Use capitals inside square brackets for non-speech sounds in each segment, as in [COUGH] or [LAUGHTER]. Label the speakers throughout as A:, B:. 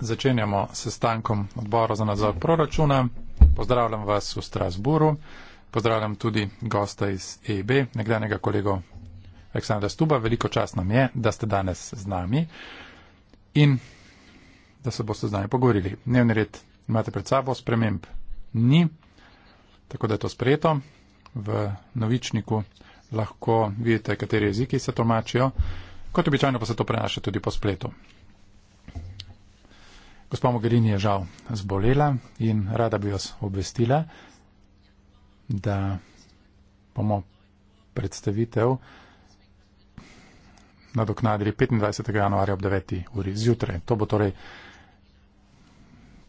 A: Začenjamo s stankom odbora za nadzor proračuna. Pozdravljam vas v Strasburu. Pozdravljam tudi gosta iz EIB, nekdanjega kolego Aleksandra Stuba. Veliko čas nam je, da ste danes z nami in da se boste z nami pogovorili. Dnevni red imate pred sabo, sprememb ni, tako da je to sprejeto. V novičniku lahko vidite, kateri jeziki se tolmačijo. Kot običajno pa se to prenaša tudi po spletu. Gospa Mogherini je žal zbolela in rada bi vas obvestila, da bomo predstavitev nadoknadili 25. januarja ob 9. uri zjutraj. To bo torej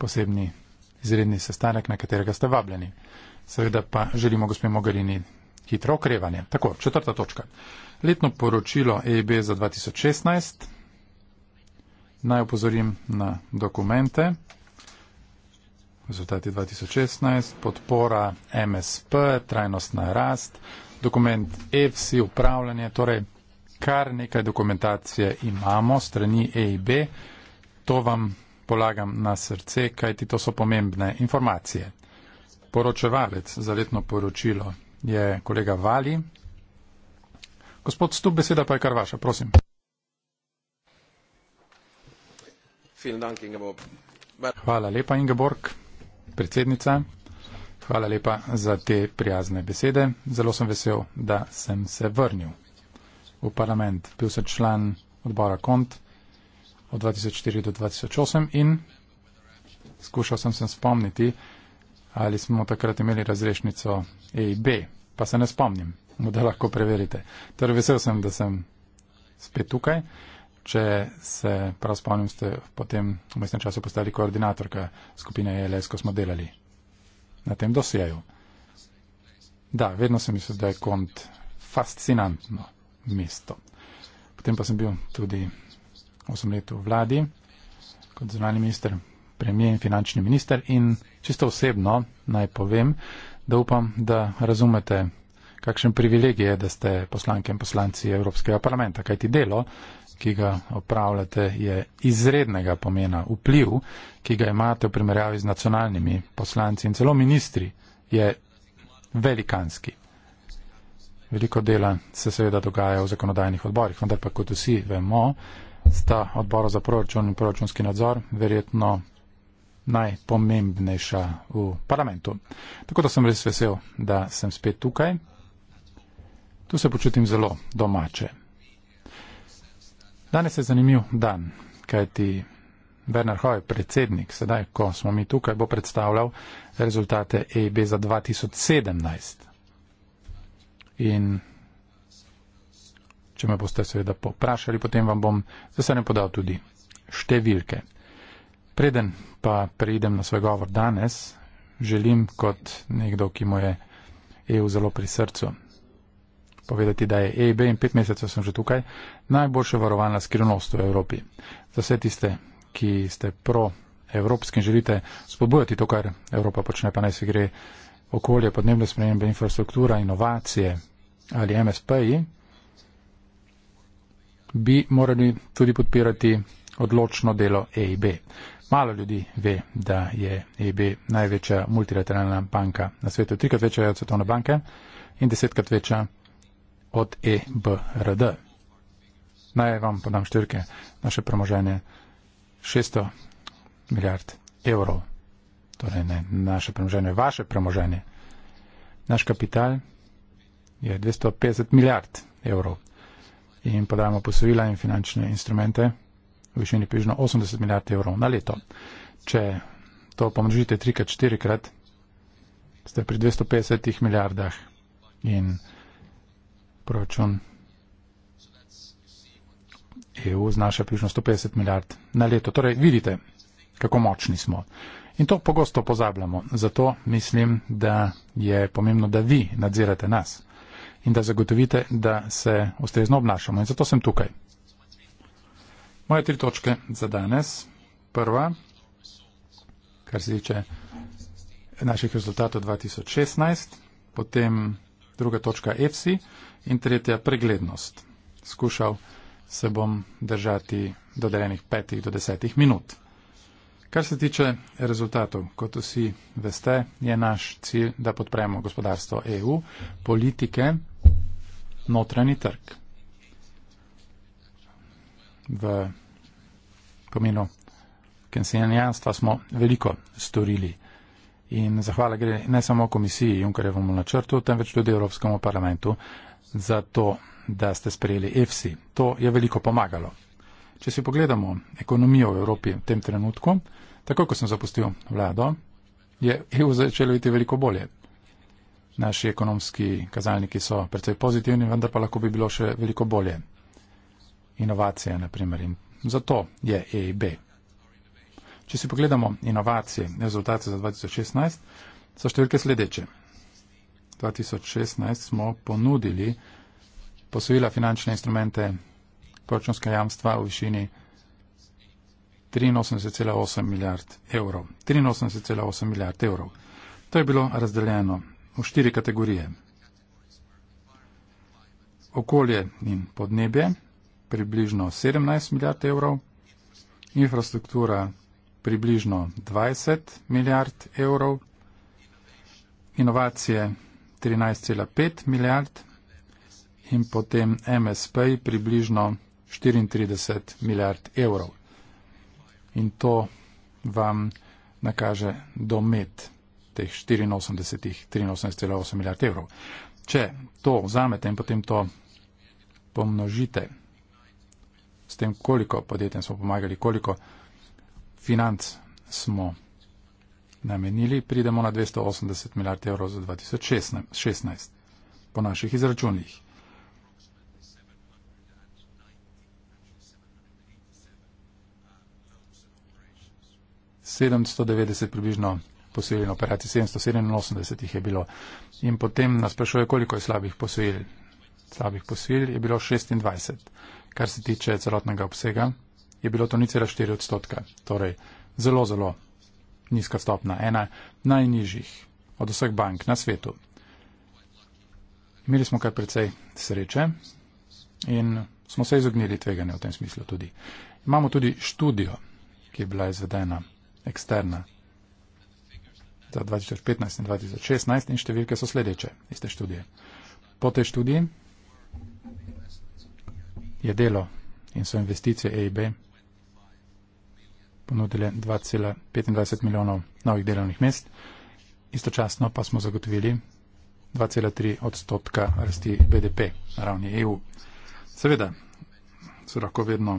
A: posebni izredni sestanek, na katerega ste vabljeni. Seveda pa želimo gospe Mogherini hitro okrevanje. Tako, četrta točka letno poročilo EIB za 2016. Naj opozorim na dokumente. Rezultati 2016, podpora MSP, trajnostna rast, dokument EFSI, upravljanje, torej kar nekaj dokumentacije imamo strani EIB. To vam polagam na srce, kajti to so pomembne informacije. Poročevalec za letno poročilo je kolega Vali, Gospod Stup, beseda pa je kar vaša, prosim. Hvala lepa, Ingeborg, predsednica. Hvala lepa za te prijazne besede. Zelo sem vesel, da sem se vrnil v parlament. Bil sem član odbora KONT od 2004 do 2008 in skušal sem se spomniti, ali smo takrat imeli razrešnico EIB, pa se ne spomnim mu da lahko preverite. Torej, vesel sem, da sem spet tukaj. Če se prav spomnim, ste potem v mestnem času postali koordinatorka skupine ELS, ko smo delali na tem dosjeju. Da, vedno sem mislil, da je kont fascinantno mesto. Potem pa sem bil tudi 8 let v vladi kot zunani minister, premijer in finančni minister in čisto osebno naj povem, da upam, da razumete kakšen privilegij je, da ste poslanke in poslanci Evropskega parlamenta, kajti delo, ki ga opravljate, je izrednega pomena. Vpliv, ki ga imate v primerjavi z nacionalnimi poslanci in celo ministri, je velikanski. Veliko dela se seveda dogaja v zakonodajnih odborih, vendar pa kot vsi vemo, sta odbor za proračun in proračunski nadzor verjetno najpomembnejša v parlamentu. Tako da sem res vesel, da sem spet tukaj. Tu se počutim zelo domače. Danes je zanimiv dan, kajti Bernard Hoy, predsednik, sedaj, ko smo mi tukaj, bo predstavljal rezultate EIB za 2017. In če me boste seveda poprašali, potem vam bom za sedaj podal tudi številke. Preden pa preidem na svoj govor danes, želim kot nekdo, ki mu je EU zelo pri srcu, povedati, da je EIB in pet mesecev sem že tukaj, najboljše varovana skrivnost v Evropi. Za vse tiste, ki ste pro-evropski in želite spodbujati to, kar Evropa počne, pa naj se gre okolje, podnebne spremembe, infrastruktura, inovacije ali MSP-ji, bi morali tudi podpirati odločno delo EIB. Malo ljudi ve, da je EIB največja multilateralna banka na svetu, trikrat večja od svetovne banke in desetkrat večja od EBRD. Naj vam podam štirke, naše premoženje 600 milijard evrov. Torej ne naše premoženje, vaše premoženje. Naš kapital je 250 milijard evrov in podajamo posojila in finančne instrumente v višini približno 80 milijard evrov na leto. Če to pomnožite 3-4 krat, ste pri 250 milijardah in proračun EU znaša približno 150 milijard na leto. Torej, vidite, kako močni smo. In to pogosto pozabljamo. Zato mislim, da je pomembno, da vi nadzirate nas in da zagotovite, da se ustrezno obnašamo. In zato sem tukaj. Moje tri točke za danes. Prva, kar se tiče naših rezultatov 2016, potem druga točka EFSI in tretja preglednost. Skušal se bom držati do dejenih petih do desetih minut. Kar se tiče rezultatov, kot vsi veste, je naš cilj, da podpremo gospodarstvo EU, politike, notranji trg. V pomenu kensijanjanstva smo veliko storili. In zahvala gre ne samo komisiji Junkerjevemu načrtu, temveč tudi Evropskemu parlamentu za to, da ste sprejeli EFSI. To je veliko pomagalo. Če si pogledamo ekonomijo v Evropi v tem trenutku, tako ko sem zapustil vlado, je EU začelo biti veliko bolje. Naši ekonomski kazalniki so precej pozitivni, vendar pa lahko bi bilo še veliko bolje. Inovacija, na primer, in zato je EIB. Če si pogledamo inovacije, rezultate za 2016, so številke sledeče. 2016 smo ponudili posojila finančne instrumente proračunske jamstva v višini 83,8 milijard evrov. 83,8 milijard evrov. To je bilo razdeljeno v štiri kategorije. Okolje in podnebje, približno 17 milijard evrov, infrastruktura približno 20 milijard evrov, inovacije 13,5 milijard in potem MSP približno 34 milijard evrov. In to vam nakaže domet teh 84, 83,8 milijard evrov. Če to vzamete in potem to pomnožite s tem, koliko podjetjem smo pomagali, koliko financ smo namenili, pridemo na 280 milijard evrov za 2016, po naših izračunih. približno posojil in operacij, 787 jih je bilo. In potem nas sprašuje, koliko je slabih posojil. Slabih posojil je bilo 26. Kar se tiče celotnega obsega, je bilo to 0,4 odstotka. Torej, zelo, zelo nizka stopna, ena najnižjih od vseh bank na svetu. Imeli smo kar precej sreče in smo se izognili tveganja v tem smislu tudi. Imamo tudi študijo, ki je bila izvedena eksterna za 2015 in 2016 in številke so sledeče iz te študije. Po tej študiji je delo in so investicije EIB ponudili 2,25 milijonov novih delovnih mest, istočasno pa smo zagotovili 2,3 odstotka rasti BDP na ravni EU. Seveda se lahko vedno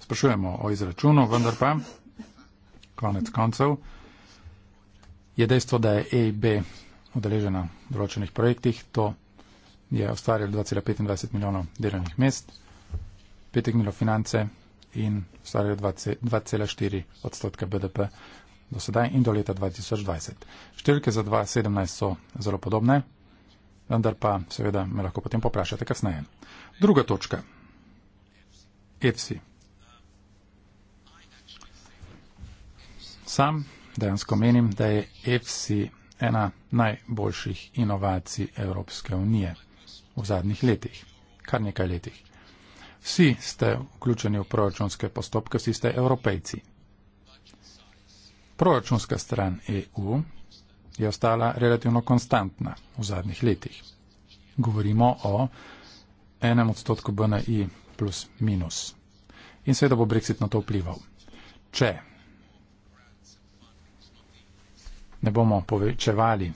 A: sprašujemo o izračunu, vendar pa konec koncev je dejstvo, da je EIB odeležena v določenih projektih, to je ustvarjalo 2,25 milijonov delovnih mest, 5 milijonov finance, in ustvarjajo 2,4 odstotka BDP do sedaj in do leta 2020. Številke za 2017 so zelo podobne, vendar pa seveda me lahko potem poprašate kasneje. Druga točka. EFSI. Sam dejansko menim, da je EFSI ena najboljših inovacij Evropske unije v zadnjih letih, kar nekaj letih. Vsi ste vključeni v proračunske postopke, vsi ste evropejci. Proračunska stran EU je ostala relativno konstantna v zadnjih letih. Govorimo o enem odstotku BNI plus minus. In seveda bo Brexit na to vplival. Če ne bomo povečevali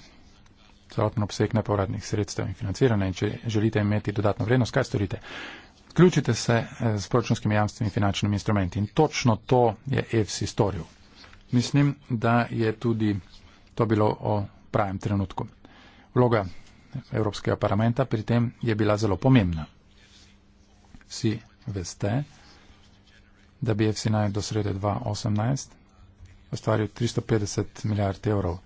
A: celotno obseg nepovratnih sredstev in financiranja in če želite imeti dodatno vrednost, kaj storite? Vključite se eh, s proračunskimi jamstvenimi finančnimi instrumenti in točno to je EFSI storil. Mislim, da je tudi to bilo o pravem trenutku. Vloga Evropskega parlamenta pri tem je bila zelo pomembna. Vsi veste, da bi EFSI naj do srede 2018 ustvaril 350 milijard evrov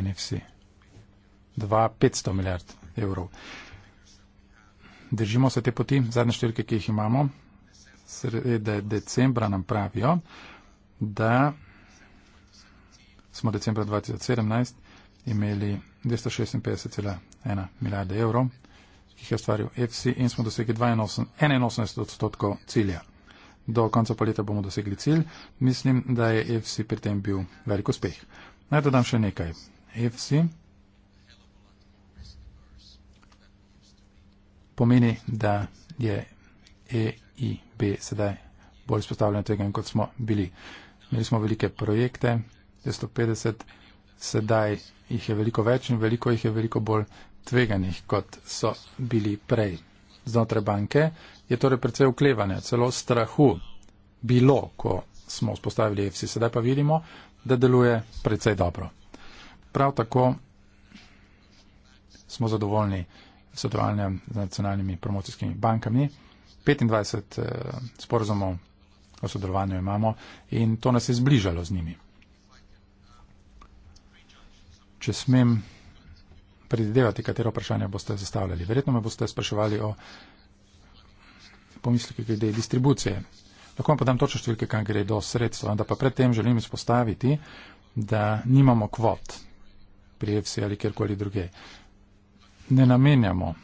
A: in EFSI 2500 milijard evrov držimo se te poti, zadnje številke, ki jih imamo, srede decembra nam pravijo, da smo decembra 2017 imeli 256,1 milijarde evrov, ki jih je ustvaril EFSI in smo dosegli 81 odstotkov cilja. Do konca poleta bomo dosegli cilj. Mislim, da je EFSI pri tem bil velik uspeh. Naj dodam še nekaj. EFSI pomeni, da je EIB sedaj bolj spostavljen tega, kot smo bili. Imeli smo velike projekte, 250, sedaj jih je veliko več in veliko jih je veliko bolj tveganih, kot so bili prej. Znotraj banke je torej precej uklevanja, celo strahu bilo, ko smo vzpostavili EFSI, sedaj pa vidimo, da deluje precej dobro. Prav tako smo zadovoljni sodelovanjem z nacionalnimi promocijskimi bankami. 25 eh, sporozumov o sodelovanju imamo in to nas je zbližalo z njimi. Če smem predvidevati, katero vprašanje boste zastavljali. Verjetno me boste spraševali o pomisleki glede distribucije. Lahko vam podam točno številke, kam gre do sredstva, vendar pa predtem želim izpostaviti, da nimamo kvot pri EFSI ali kjerkoli druge ne namenjamo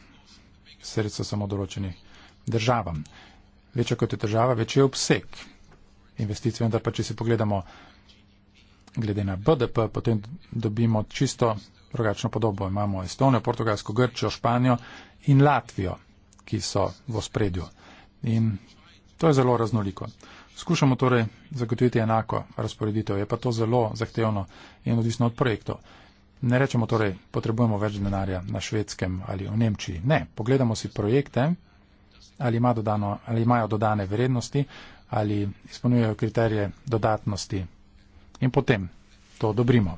A: sredstva samo določenih državam. Večja kot je država, večji je obseg investicij, vendar pa če si pogledamo glede na BDP, potem dobimo čisto drugačno podobo. Imamo Estonijo, Portugalsko, Grčijo, Španijo in Latvijo, ki so v spredju. In to je zelo raznoliko. Skušamo torej zagotoviti enako razporeditev, je pa to zelo zahtevno in odvisno od projektov. Ne rečemo torej, potrebujemo več denarja na švedskem ali v Nemčiji. Ne, pogledamo si projekte, ali, ima dodano, ali imajo dodane vrednosti, ali izpolnjujejo kriterije dodatnosti in potem to odobrimo.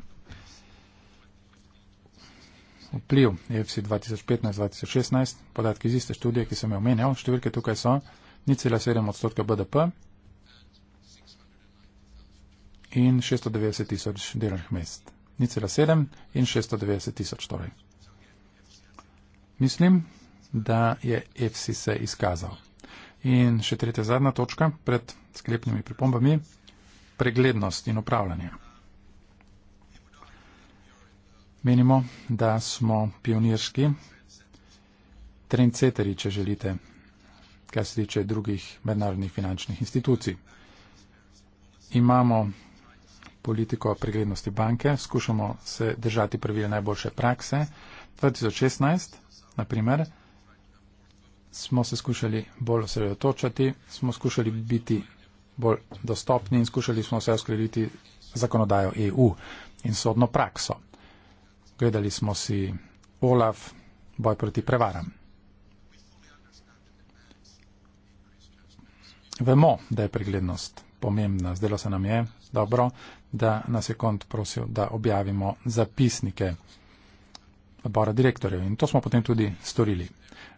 A: Vpliv EFSI 2015-2016, podatki iz iste študije, ki sem jo omenjal, številke tukaj so 0,7 odstotka BDP in 690 tisoč delovnih mest. 0,7 in 690 tisoč torej. Mislim, da je EFSI se izkazal. In še tretja zadnja točka pred sklepnimi pripombami - preglednost in upravljanje. Menimo, da smo pionirski, trendseteri, če želite, kar se tiče drugih mednarodnih finančnih institucij. Imamo politiko preglednosti banke, skušamo se držati pravil najboljše prakse. 2016, naprimer, smo se skušali bolj osredotočati, smo skušali biti bolj dostopni in skušali smo se uskladiti zakonodajo EU in sodno prakso. Gledali smo si Olaf, boj proti prevaram. Vemo, da je preglednost pomembna. Zdelo se nam je, dobro, da nas je kont prosil, da objavimo zapisnike odbora direktorjev. In to smo potem tudi storili.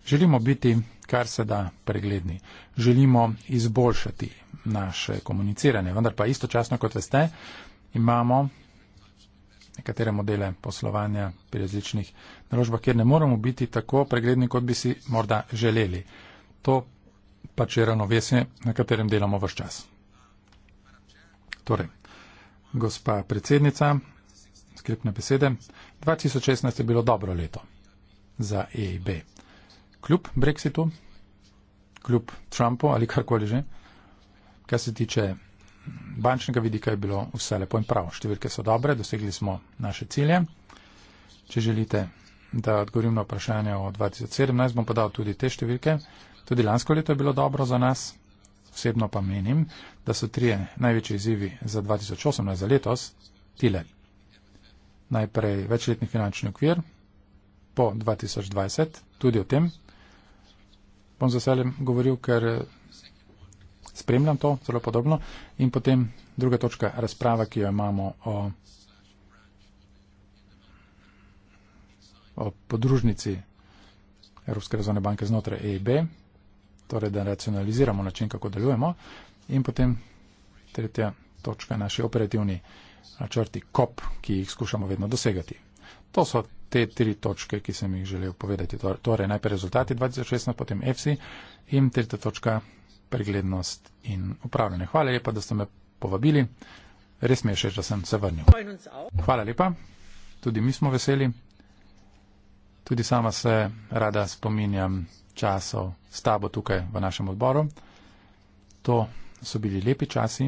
A: Želimo biti kar se da pregledni. Želimo izboljšati naše komuniciranje. Vendar pa istočasno, kot veste, imamo nekatere modele poslovanja pri različnih naložbah, kjer ne moramo biti tako pregledni, kot bi si morda želeli. To pač je ravnovesje, na katerem delamo vse čas. Torej, gospa predsednica, sklepne besede. 2016 je bilo dobro leto za EIB. Kljub Brexitu, kljub Trumpu ali karkoli že, kar se tiče bančnega vidika, je bilo vse lepo in prav. Številke so dobre, dosegli smo naše cilje. Če želite, da odgovorim na vprašanje o 2017, bom podal tudi te številke. Tudi lansko leto je bilo dobro za nas, osebno pa menim, da so trije največji izzivi za 2018, za letos, tile. Najprej večletni finančni okvir po 2020, tudi o tem bom z veseljem govoril, ker spremljam to zelo podobno. In potem druga točka razprava, ki jo imamo o, o podružnici Evropske razvojne banke znotraj EIB, torej da racionaliziramo način, kako delujemo. In potem tretja točka, naši operativni načrti COP, ki jih skušamo vedno dosegati. To so te tri točke, ki sem jih želel povedati. Torej najprej rezultati 2016, potem EFSI in tretja točka preglednost in upravljanje. Hvala lepa, da ste me povabili. Res mi je še, da sem se vrnil. Hvala lepa. Tudi mi smo veseli. Tudi sama se rada spominjam časov s tabo tukaj v našem odboru. To so bili lepi časi.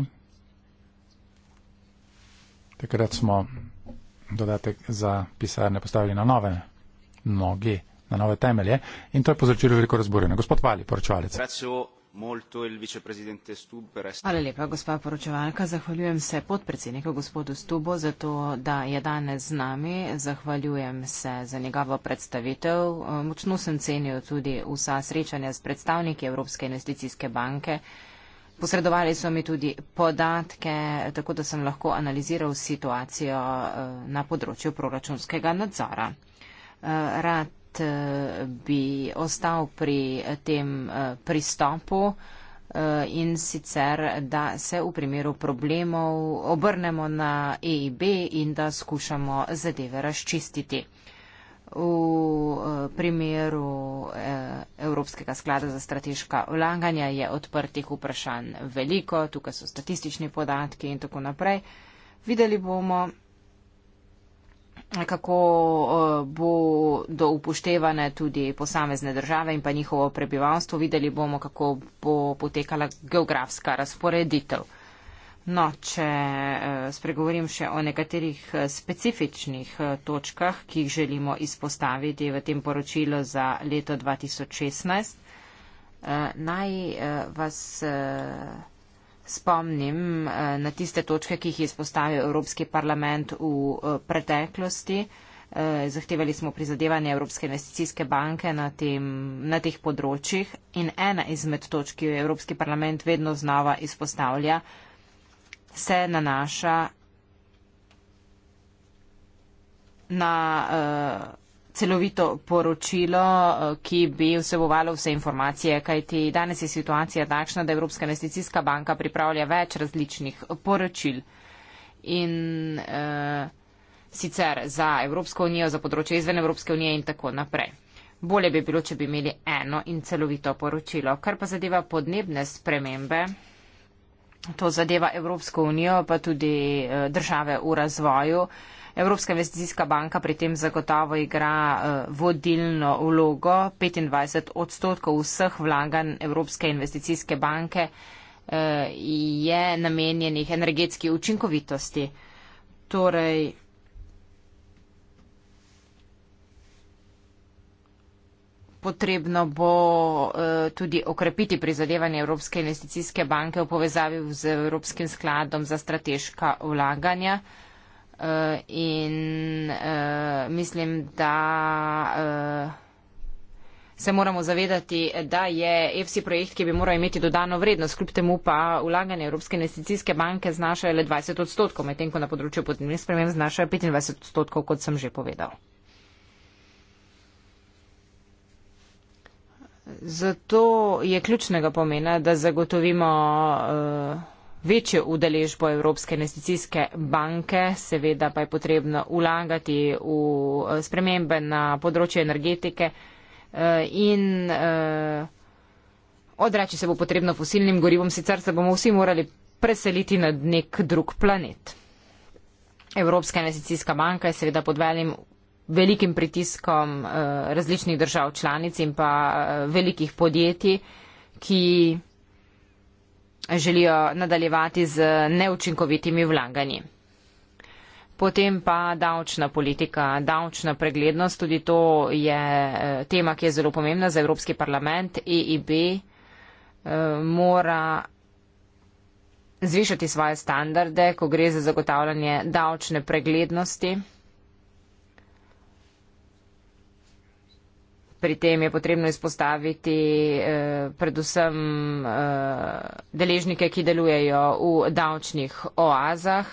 A: Takrat smo dodatek za pisarne postavili na nove noge, na nove temelje in to je povzročilo veliko razburjenja. Gospod Vali, poročevalec
B: molto il
A: vicepresidente Stub per essere. Hvala
B: lepa, gospa poročevalka. Zahvaljujem se podpredsedniku gospodu Stubu za to, da je danes z nami. Zahvaljujem se za njegovo predstavitev. Eh, močno sem cenil tudi vsa srečanja s predstavniki Evropske investicijske banke. Posredovali so mi tudi podatke, tako da sem lahko analiziral situacijo eh, na področju proračunskega nadzora. Eh, rad svet eh, bi ostal pri eh, tem eh, pristopu in sicer, da se v primeru problemov obrnemo na EIB in da skušamo zadeve razčistiti. V primeru Evropskega sklada za strateška vlaganja je odprtih vprašanj veliko, tukaj so statistični podatki in tako naprej. Videli bomo, kako eh, bodo upoštevane tudi posamezne države in pa njihovo prebivalstvo. Videli bomo, kako bo potekala geografska razporeditev. No, če eh, spregovorim še o nekaterih eh, specifičnih točkah, ki jih želimo izpostaviti v tem poročilu za leto 2016, naj vas spomnim eh, na tiste točke, ki jih je izpostavil Evropski parlament v eh, preteklosti. Eh, zahtevali smo prizadevanje Evropske investicijske banke na, tem, na teh področjih in ena izmed točk, ki jo Evropski parlament vedno znova izpostavlja, se nanaša na uh, celovito poročilo, eh, ki bi vsebovalo vse informacije, kajti danes je situacija takšna, da Evropska investicijska banka pripravlja več različnih poročil. In e, sicer za Evropsko unijo, za področje izven Evropske unije in tako naprej. Bolje bi bilo, če bi imeli eno in celovito poročilo. Kar pa zadeva podnebne spremembe, to zadeva Evropsko unijo, pa tudi eh, države v razvoju. Evropska investicijska banka pri tem zagotovo igra eh, vodilno vlogo. 25 odstotkov vseh vlaganj Evropske investicijske banke eh, je namenjenih energetski učinkovitosti. Torej, Potrebno bo eh, tudi okrepiti prizadevanje Evropske investicijske banke v povezavi z Evropskim skladom za strateška vlaganja. Eh, Uh, in uh, mislim, da uh, se moramo zavedati, da je EFSI projekt, ki bi moral imeti dodano vrednost, kljub temu pa ulaganje Evropske investicijske banke znašajo le 20 odstotkov, medtem ko na področju podnebnih sprememb znašajo 25 odstotkov, kot sem že povedal. Zato je ključnega pomena, da zagotovimo. Uh, večjo udeležbo Evropske investicijske banke, seveda pa je potrebno ulagati v eh, spremembe na področju energetike eh, in eh, odreči se bo potrebno fosilnim gorivom, sicer se bomo vsi morali preseliti na nek drug planet. Evropska investicijska banka je seveda pod velim velikim pritiskom različnih držav članic in pa velikih podjetij, ki želijo nadaljevati z neučinkovitimi vlaganji. Potem pa davčna politika, davčna preglednost, tudi to je eh, tema, ki je zelo pomembna za Evropski parlament. EIB eh, mora zvišati svoje standarde, ko gre za zagotavljanje davčne preglednosti. Pri tem je potrebno izpostaviti eh, predvsem eh, deležnike, ki delujejo v davčnih oazah.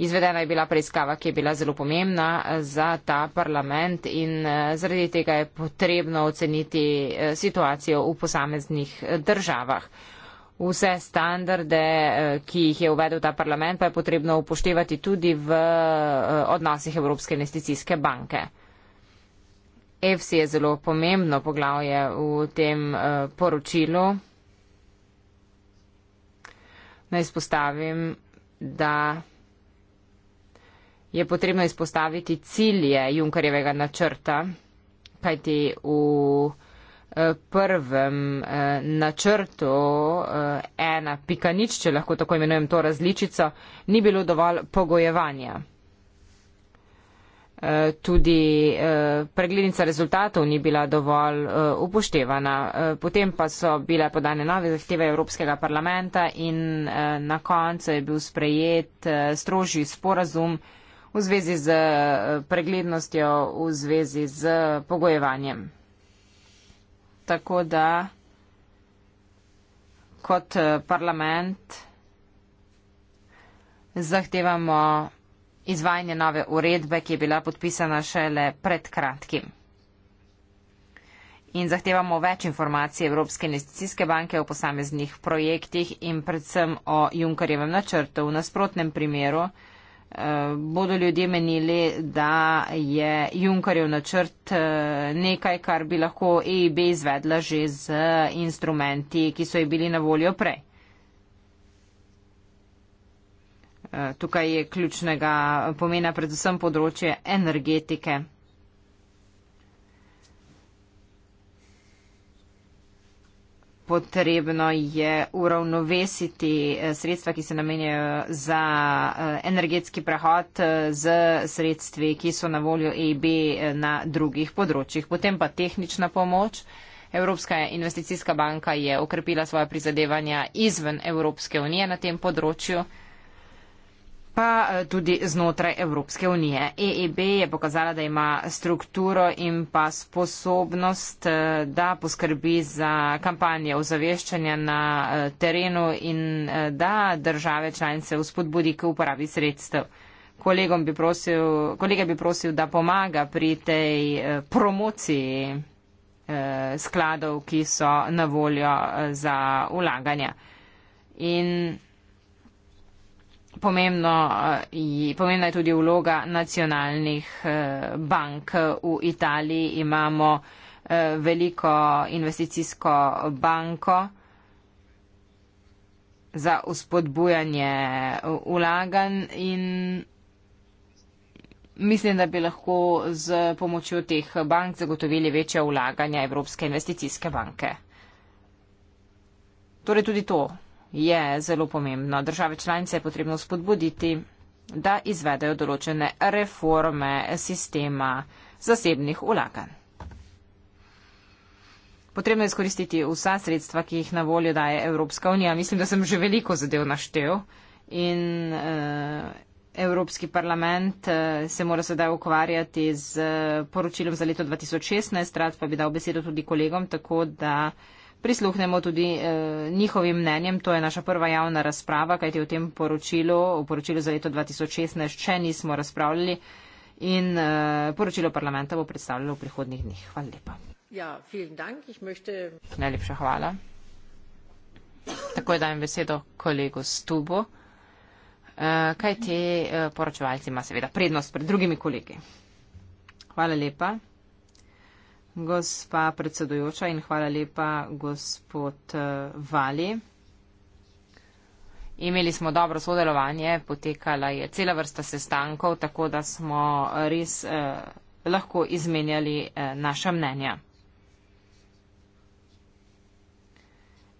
B: Izvedena je bila preiskava, ki je bila zelo pomembna eh, za ta parlament in eh, zaradi tega je potrebno oceniti eh, situacijo v posameznih državah. Vse standarde, ki jih je uvedel ta parlament, pa je potrebno upoštevati tudi v odnosih Evropske investicijske banke. EFSI je zelo pomembno poglavje v tem uh, poročilu. Naj spostavim, da je potrebno izpostaviti cilje Junkarjevega načrta, kajti v eh, prvem eh, načrtu ena pika nič, če lahko tako imenujem to različico, ni bilo dovolj pogojevanja. Eh, tudi eh, preglednica rezultatov ni bila dovolj eh, upoštevana. Potem pa so bile podane nove zahteve Evropskega parlamenta in na koncu je bil sprejet strožji sporazum v zvezi z preglednostjo, v zvezi z pogojevanjem. Tako da kot parlament zahtevamo izvajanje nove uredbe, ki je bila podpisana šele pred kratkim. In zahtevamo več informacij Evropske investicijske banke o posameznih projektih in predvsem o Junkarjevem načrtu. V nasprotnem primeru eh, bodo ljudje menili, da je Junkarjev načrt eh, nekaj, kar bi lahko EIB izvedla že z instrumenti, ki so ji bili na voljo prej. tukaj je ključnega pomena predvsem področje energetike. Potrebno je uravnovesiti eh, sredstva, ki se namenjajo za eh, energetski prehod eh, z sredstvi, ki so na voljo EIB na drugih področjih. Potem pa tehnična pomoč. Evropska investicijska banka je okrepila svoje prizadevanja izven Evropske unije na tem področju pa eh, tudi znotraj Evropske unije. EEB je pokazala, da ima strukturo in pa sposobnost, eh, da poskrbi za kampanje ozaveščanja na eh, terenu in da države članice vzpodbudi k uporabi sredstev. Kolegom bi prosil, kolega bi prosil, da pomaga pri tej promociji skladov, ki so na voljo za ulaganja. In pomembno, eh, pomembna je tudi vloga nacionalnih eh, bank. V Italiji imamo eh, veliko investicijsko banko za uspodbujanje vlaganj in mislim, da bi lahko z pomočjo teh bank zagotovili večje vlaganja Evropske investicijske banke. Torej tudi to je zelo pomembno. Države članice je potrebno spodbuditi, da izvedejo določene reforme sistema zasebnih ulakan. Potrebno je izkoristiti vsa sredstva, ki jih na voljo daje Evropska unija. Mislim, da sem že veliko zadev naštel in uh, Evropski parlament uh, se mora sedaj ukvarjati z uh, poročilom za leto 2016, rad pa bi dal besedo tudi kolegom, tako da uh, prisluhnemo tudi eh, njihovim mnenjem. To je naša prva javna razprava, kajti v tem poročilu, v poročilu za leto 2016, še nismo razpravljali in eh, poročilo parlamenta bo predstavljalo v prihodnih dneh. Hvala lepa. Ja, dank. Ich möchte... Najlepša hvala. Takoj dajem besedo kolegu Stubu, eh, kajti eh, poročevalci ima seveda prednost pred drugimi kolegi. Hvala lepa gospa predsedujoča in hvala lepa, gospod eh, Vali. Imeli smo dobro sodelovanje, potekala je cela vrsta sestankov, tako da smo res eh, lahko izmenjali eh, naša mnenja.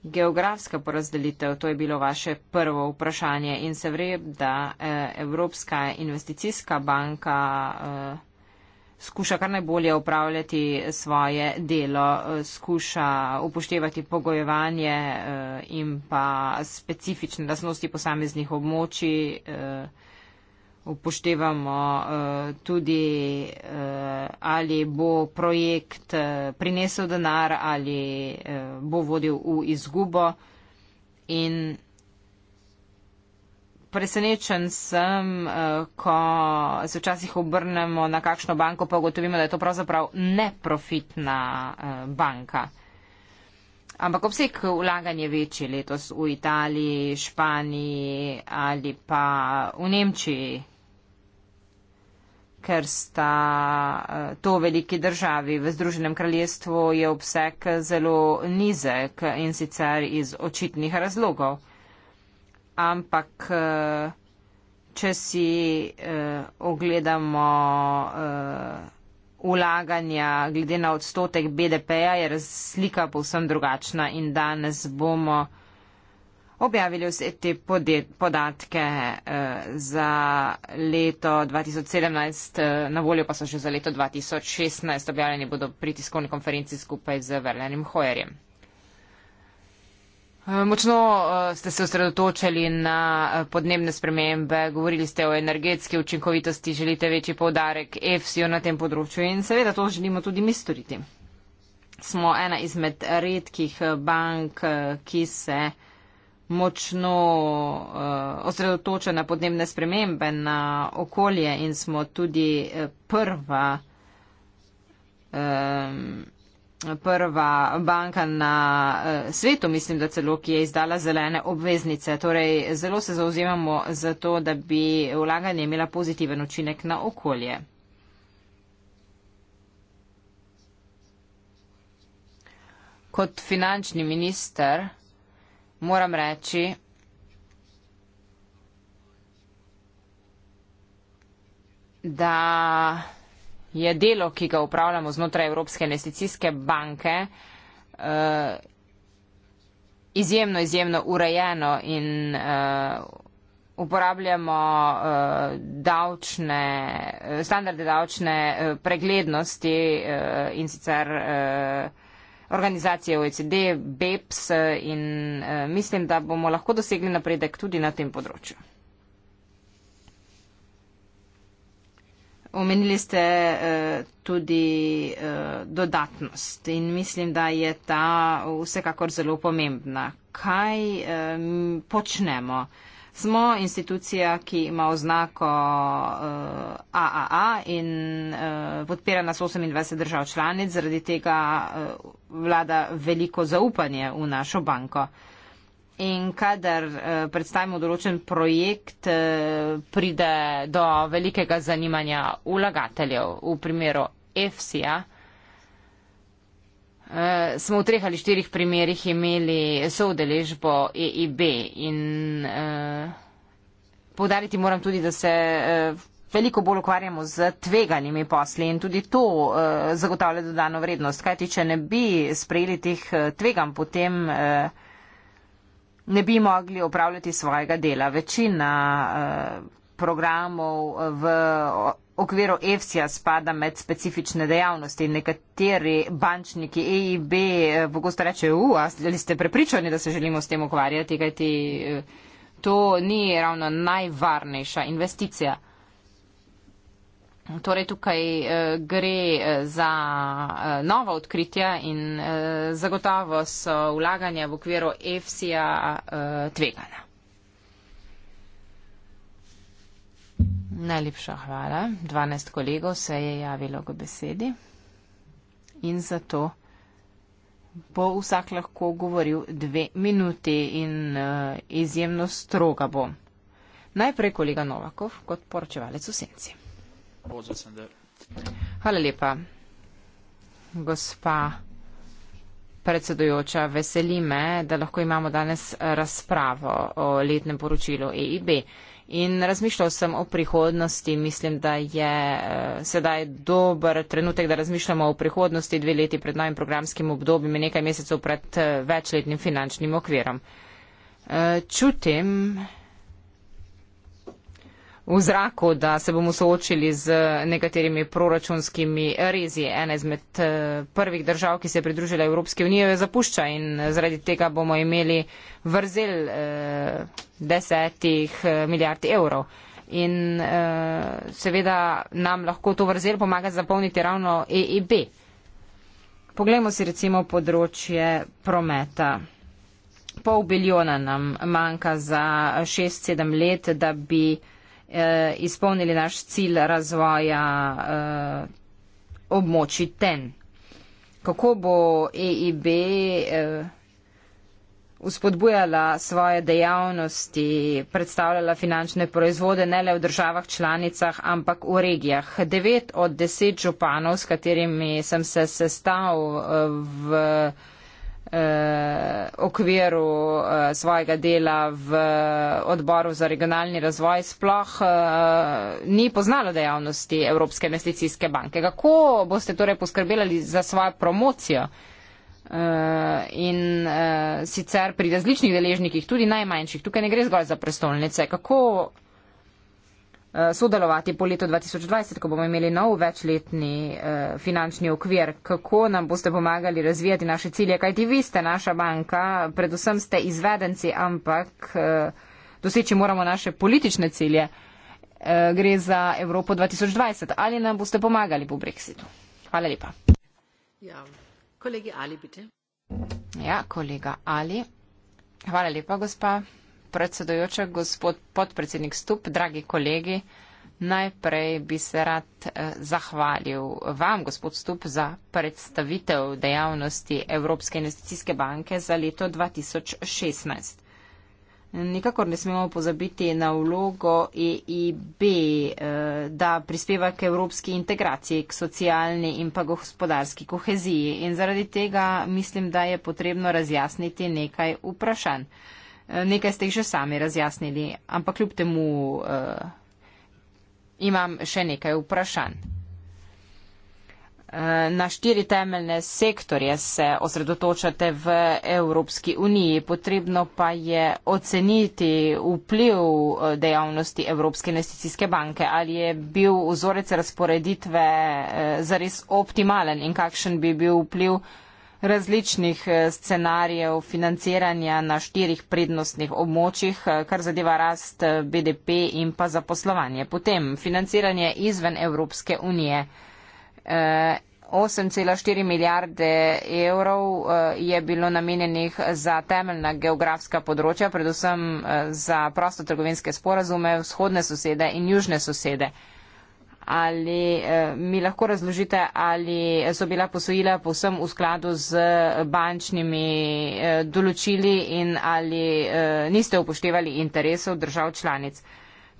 B: Geografska porazdelitev, to je bilo vaše prvo vprašanje in se vre, da eh, Evropska investicijska banka. Eh, skuša kar najbolje upravljati svoje delo, eh, skuša upoštevati pogojevanje eh, in pa specifične lasnosti posameznih območij. Eh, upoštevamo tudi, ali bo projekt prinesel denar ali bo vodil v izgubo. In presenečen sem, eh, ko se včasih obrnemo na kakšno banko, pa ugotovimo, da je to pravzaprav neprofitna eh, banka. Ampak obseg vlaganj je večji letos v Italiji, Španiji ali pa v Nemčiji, ker sta eh, to veliki državi. V Združenem kraljestvu je obseg zelo nizek in sicer iz očitnih razlogov ampak eh, če si eh, ogledamo eh, ulaganja glede na odstotek BDP-ja, je razlika povsem drugačna in danes bomo objavili vse te podatke eh, za leto 2017, eh, na voljo pa so še za leto 2016, objavljeni bodo pri tiskovni konferenci skupaj z Verlenim Hojerjem. Eh, močno eh, ste se osredotočili na eh, podnebne spremembe, govorili ste o energetski učinkovitosti, želite večji povdarek EFSI-ju na tem področju in seveda to želimo tudi mi storiti. Smo ena izmed redkih bank, ki se močno osredotoča na podnebne spremembe, na okolje in smo tudi prva. Um, prva banka na eh, svetu, mislim, da celo, ki je izdala zelene obveznice. Torej, zelo se zauzemamo za to, da bi vlaganje imela pozitiven učinek na okolje. Kot finančni minister moram reči, da je delo, ki ga upravljamo znotraj Evropske investicijske banke, eh, izjemno, izjemno urejeno in eh, uporabljamo eh, davčne, standarde davčne preglednosti in sicer organizacije OECD, BEPS in mislim, da bomo lahko dosegli napredek tudi na tem področju. Omenili ste eh, tudi eh, dodatnost in mislim, da je ta vsekakor zelo pomembna. Kaj eh, počnemo? Smo institucija, ki ima oznako AAA in podpira nas 28 držav članic, zaradi tega vlada veliko zaupanje v našo banko in kadar eh, predstavimo določen projekt, eh, pride do velikega zanimanja vlagateljev v primeru EFSI-ja. Uh, eh, smo v treh ali štirih primerih imeli soodeležbo EIB in uh, povdariti moram tudi, da se uh, veliko bolj ukvarjamo z tveganimi posli in tudi to uh, zagotavlja dodano vrednost. Kajti, če ne bi sprejeli teh tvegan, potem uh, ne bi mogli opravljati svojega dela. Večina eh, programov eh, v okviru EFSI-ja spada med specifične dejavnosti. Nekateri bančniki EIB eh, pogosto rečejo, ali ste prepričani, da se želimo s tem ukvarjati, kajti to ni ravno najvarnejša investicija. Torej tukaj uh, gre eh, za uh, eh, nova odkritja in uh, zagotovo so vlaganja v okviru EFSI-ja uh, tvegana. Najlepša hvala. 12 kolegov se je javilo k besedi in zato bo vsak lahko govoril dve minuti in uh, izjemno stroga bom. Najprej kolega Novakov kot poročevalec v senci. Hvala lepa. Gospa predsedujoča, veseli me, da lahko imamo danes razpravo o letnem poročilu EIB. In razmišljal sem o prihodnosti, mislim, da je eh, sedaj dober trenutek, da razmišljamo o prihodnosti dve leti pred novim programskim obdobjem in nekaj mesecev pred eh, večletnim finančnim okvirom. Eh, čutim, v zraku, da se bomo soočili z nekaterimi proračunskimi rezi. Ena izmed eh, prvih držav, ki se je pridružila Evropske unije, jo zapušča in eh, zaradi tega bomo imeli vrzel eh, desetih eh, milijard evrov. In eh, seveda nam lahko to vrzel pomaga zapolniti ravno EIB. Poglejmo si recimo področje prometa. Pol biljona nam manjka za 6-7 let, da bi eh, izpolnili naš cilj razvoja eh, območji TEN. Kako bo EIB eh, uspodbujala svoje dejavnosti, predstavljala finančne proizvode ne le v državah članicah, ampak v regijah. Devet od deset županov, s katerimi sem se sestal eh, v eh, okviru eh, svojega dela v eh, odboru za regionalni razvoj sploh eh, ni poznalo dejavnosti Evropske investicijske banke. Kako boste torej poskrbeli za svojo promocijo eh, in eh, sicer pri različnih deležnikih, tudi najmanjših, tukaj ne gre zgolj za prestolnice, kako Eh, sodelovati po letu 2020, ko bomo imeli nov večletni eh, finančni okvir, kako nam boste pomagali razvijati naše cilje, kajti vi ste naša banka, predvsem ste izvedenci, ampak eh, doseči moramo naše politične cilje. Gre za Evropo 2020. Ali nam boste pomagali po brexitu? Hvala lepa.
A: Ja, kolegi Ali, bite.
B: Ja, kolega Ali. Hvala lepa, gospa predsedojoča, gospod podpredsednik Stup, dragi kolegi, najprej bi se rad eh, zahvalil vam, gospod Stup, za predstavitev dejavnosti Evropske investicijske banke za leto 2016. Nikakor ne smemo pozabiti na vlogo EIB, eh, da prispeva k evropski integraciji, k socialni in pa gospodarski koheziji. In zaradi tega mislim, da je potrebno razjasniti nekaj vprašanj. Eh, nekaj ste jih že sami razjasnili, ampak kljub temu uh, imam še nekaj vprašanj. Eh, na štiri temeljne sektorje se osredotočate v Evropski uniji, potrebno pa je oceniti vpliv dejavnosti Evropske investicijske banke. Ali je bil vzorec razporeditve zares optimalen in kakšen bi bil vpliv različnih eh, scenarijev financiranja na štirih prednostnih območjih, eh, kar zadeva rast eh, BDP in pa zaposlovanje. Potem financiranje izven Evropske unije. 8,4 milijarde evrov je bilo namenjenih za temeljna geografska področja, predvsem za prostotrgovinske sporazume vzhodne sosede in južne sosede ali eh, mi lahko razložite, ali so bila posojila povsem v skladu z bančnimi eh, določili in ali eh, niste upoštevali interesov držav članic.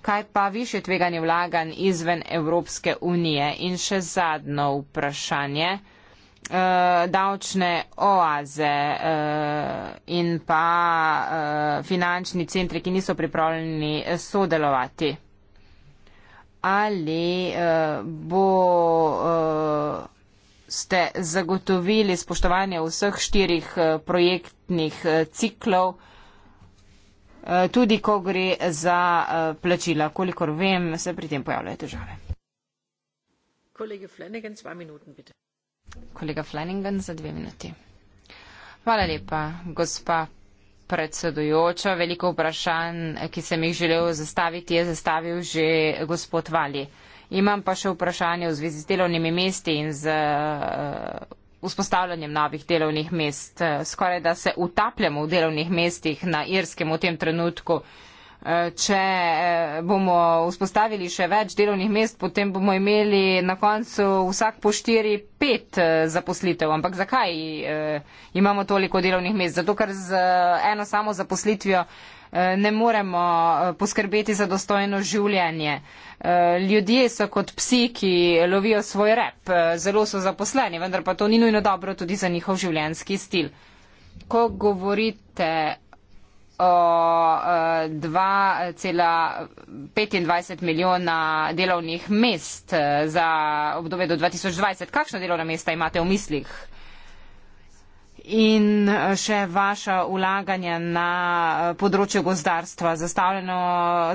B: Kaj pa više tveganje vlagan izven Evropske unije? In še zadnjo vprašanje. Davčne oaze in pa finančni centri, ki niso pripravljeni sodelovati ali uh, bo, uh, ste zagotovili spoštovanje vseh štirih uh, projektnih uh, ciklov, Tudi, ko gre za plačila, kolikor vem, se pri tem pojavljajo težave.
C: Kolega Flanagan, dva minuta, bite.
B: Kolega Flanagan, za dve minuti. Hvala lepa, gospa predsedujoča. Veliko vprašanj, ki sem jih želel zastaviti, je zastavil že gospod Vali. Imam pa še vprašanje v zvezi z delovnimi mesti in z eh, vzpostavljanjem novih delovnih mest. Skoraj da se utapljamo v delovnih mestih na Irskem v tem trenutku če eh, bomo vzpostavili še več delovnih mest, potem bomo imeli na koncu vsak po 4-5 eh, zaposlitev. Ampak zakaj eh, imamo toliko delovnih mest? Zato, ker z eno samo zaposlitvijo ne moremo poskrbeti za dostojno življenje. Ljudje so kot psi, ki lovijo svoj rep, zelo so zaposleni, vendar pa to ni nujno dobro tudi za njihov življenjski stil. Ko govorite o 2,25 eh, milijona delovnih mest eh, za obdobje do 2020. Kakšna delovna mesta imate v mislih? in eh, še vaša ulaganja na eh, področju gozdarstva. Zastavljeno,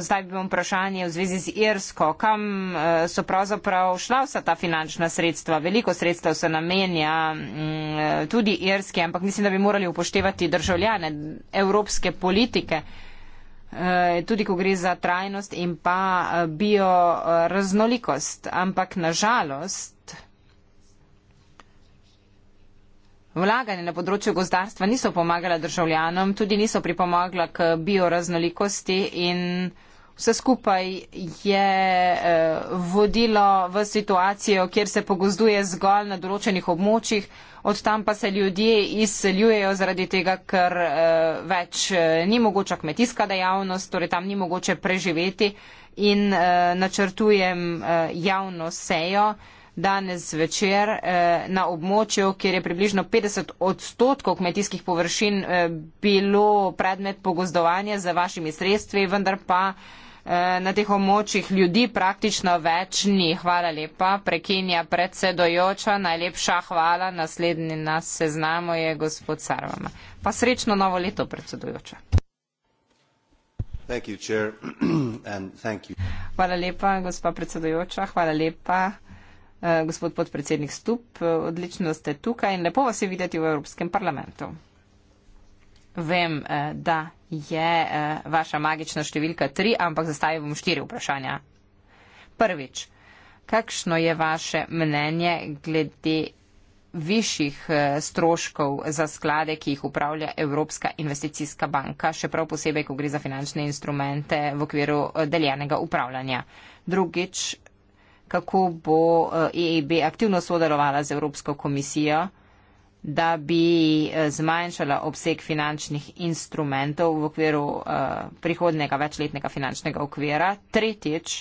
B: zdaj bi bom vprašanje v zvezi z Irsko. Kam eh, so pravzaprav šla vsa ta finančna sredstva? Veliko sredstev se namenja mm, tudi Irski, ampak mislim, da bi morali upoštevati državljane evropske politike tudi ko gre za trajnost in pa bioraznolikost. Ampak nažalost Vlaganje na področju gozdarstva niso pomagala državljanom, tudi niso pripomogla k bioraznolikosti in vse skupaj je eh, vodilo v situacijo, kjer se pogozduje zgolj na določenih območjih, od tam pa se ljudje izseljujejo zaradi tega, ker eh, več eh, ni mogoča kmetijska dejavnost, torej tam ni mogoče preživeti in načrtujem javno sejo danes večer eh, na območju, kjer je približno 50 odstotkov kmetijskih površin eh, bilo predmet pogozdovanja za vašimi sredstvi, vendar pa eh, na teh območjih ljudi praktično več ni. Hvala lepa. Prekinja predsedojoča. Najlepša hvala. Naslednji nas seznamo je gospod Sarvama. Pa srečno novo leto, predsedojoča.
A: [CLEARS THROAT]
B: Hvala lepa, gospa predsedojoča. Hvala lepa. Eh, gospod podpredsednik Stup, eh, odlično ste tukaj in lepo vas je videti v Evropskem parlamentu. Vem, eh, da je vaša magična številka tri, ampak zastavim vam štiri vprašanja. Prvič, kakšno je vaše mnenje glede višjih stroškov za sklade, ki jih upravlja Evropska investicijska banka, še prav posebej, ko gre za finančne instrumente v okviru deljenega upravljanja. Drugič, kako bo EIB eh, e e aktivno sodelovala z Evropsko komisijo, da bi eh, zmanjšala obseg finančnih instrumentov v okviru eh, prihodnega večletnega finančnega okvira. Tretjič,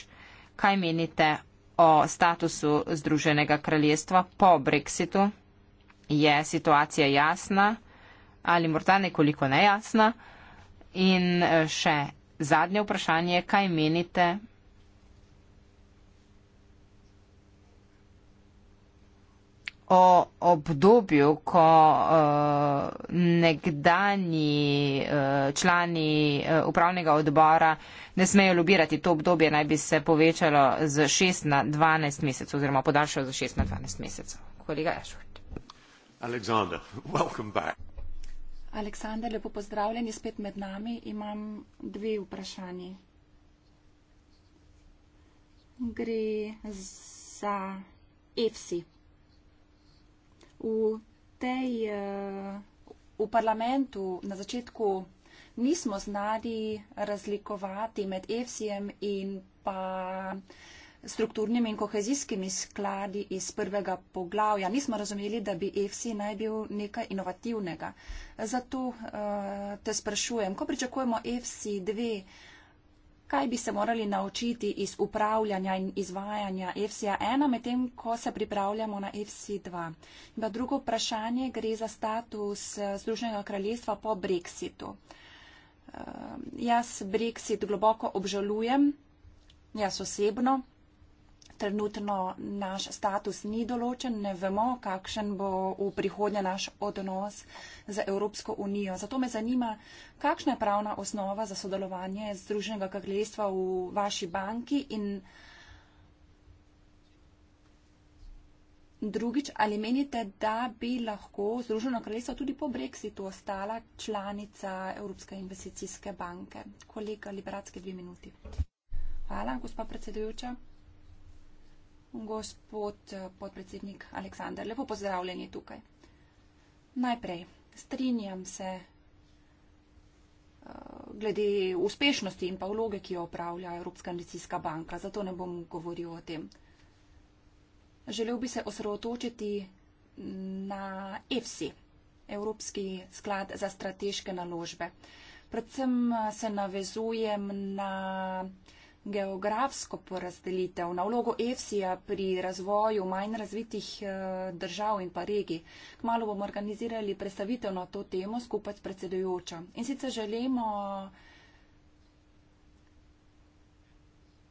B: kaj menite o statusu Združenega kraljestva po Brexitu? Je situacija jasna ali morda nekoliko nejasna? In še zadnje vprašanje, kaj menite o obdobju, ko uh, nekdani uh, člani uh, upravnega odbora ne smejo lobirati. To obdobje naj bi se povečalo z 6 na 12 mesecev oziroma podaljšalo z 6 na 12 mesecev. Kolega Ashford. Aleksandr,
A: [LAUGHS] welcome back.
C: Aleksandr, lepo pozdravljeni spet med nami. Imam dve vprašanje. Gre za EFSI v, tej, eh, v parlamentu na začetku nismo znali razlikovati med EFSI-jem in pa strukturnimi in kohezijskimi skladi iz prvega poglavja. Nismo razumeli, da bi EFSI naj bil nekaj inovativnega. Zato uh, te sprašujem, ko pričakujemo EFSI 2, uh, kaj bi se morali naučiti iz upravljanja in izvajanja EFSI-a 1, medtem ko se pripravljamo na EFSI 2. Pa drugo vprašanje gre za status eh, Združenega kraljestva po Brexitu. Uh, jaz Brexit globoko obžalujem, jaz osebno trenutno naš status ni določen, ne vemo, kakšen bo v prihodnje naš odnos z Evropsko unijo. Zato me zanima, kakšna je pravna osnova za sodelovanje Združenega kraljestva v vaši banki in drugič, ali menite, da bi lahko Združeno kraljestvo tudi po brexitu ostala članica Evropske investicijske banke? Kolega Liberatske, dve minuti. Hvala, gospa predsedujoča. Gospod eh, podpredsednik Aleksandar, lepo pozdravljeni tukaj. Najprej strinjam se eh, glede uspešnosti in pa vloge, ki jo opravlja Evropska investicijska banka, zato ne bom govoril o tem. Želel bi se osredotočiti na EFSI, Evropski sklad za strateške naložbe. Predvsem eh, se navezujem na geografsko porazdelitev, na vlogo EFSI-ja pri razvoju manj razvitih eh, držav in pa regij. Kmalo bomo organizirali predstavitev na to temo skupaj s predsedujočo. In sicer želimo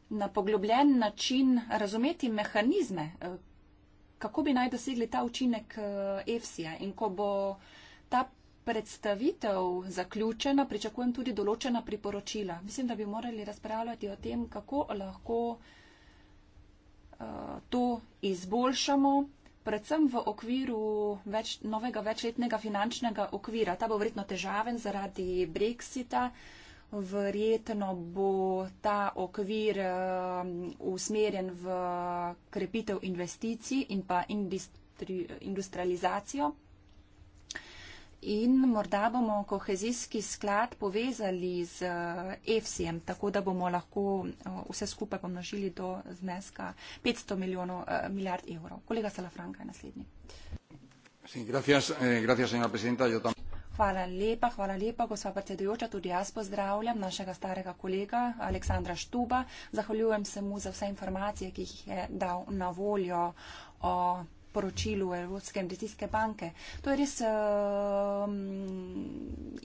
C: na poglobljen način razumeti mehanizme, eh, kako bi naj dosegli ta učinek eh, EFSI-ja in ko bo ta predstavitev zaključena, pričakujem tudi določena priporočila. Mislim, da bi morali razpravljati o tem, kako lahko eh, to izboljšamo, predvsem v okviru več, novega večletnega finančnega okvira. Ta bo vredno težaven zaradi Brexita. Verjetno bo ta okvir eh, usmerjen v krepitev investicij in pa industri, industrializacijo. In morda bomo kohezijski sklad povezali z EFSI-jem, eh, tako da bomo lahko eh, vse skupaj pomnožili do zneska 500 milijonov eh, milijard evrov. Kolega Salafranka je naslednji. Hvala lepa, hvala lepa, gospa predsedujoča. Tudi jaz pozdravljam našega starega kolega Aleksandra Štuba. Zahvaljujem se mu za vse informacije, ki jih je dal na voljo o poročilu Evropske investicijske banke. To je res um,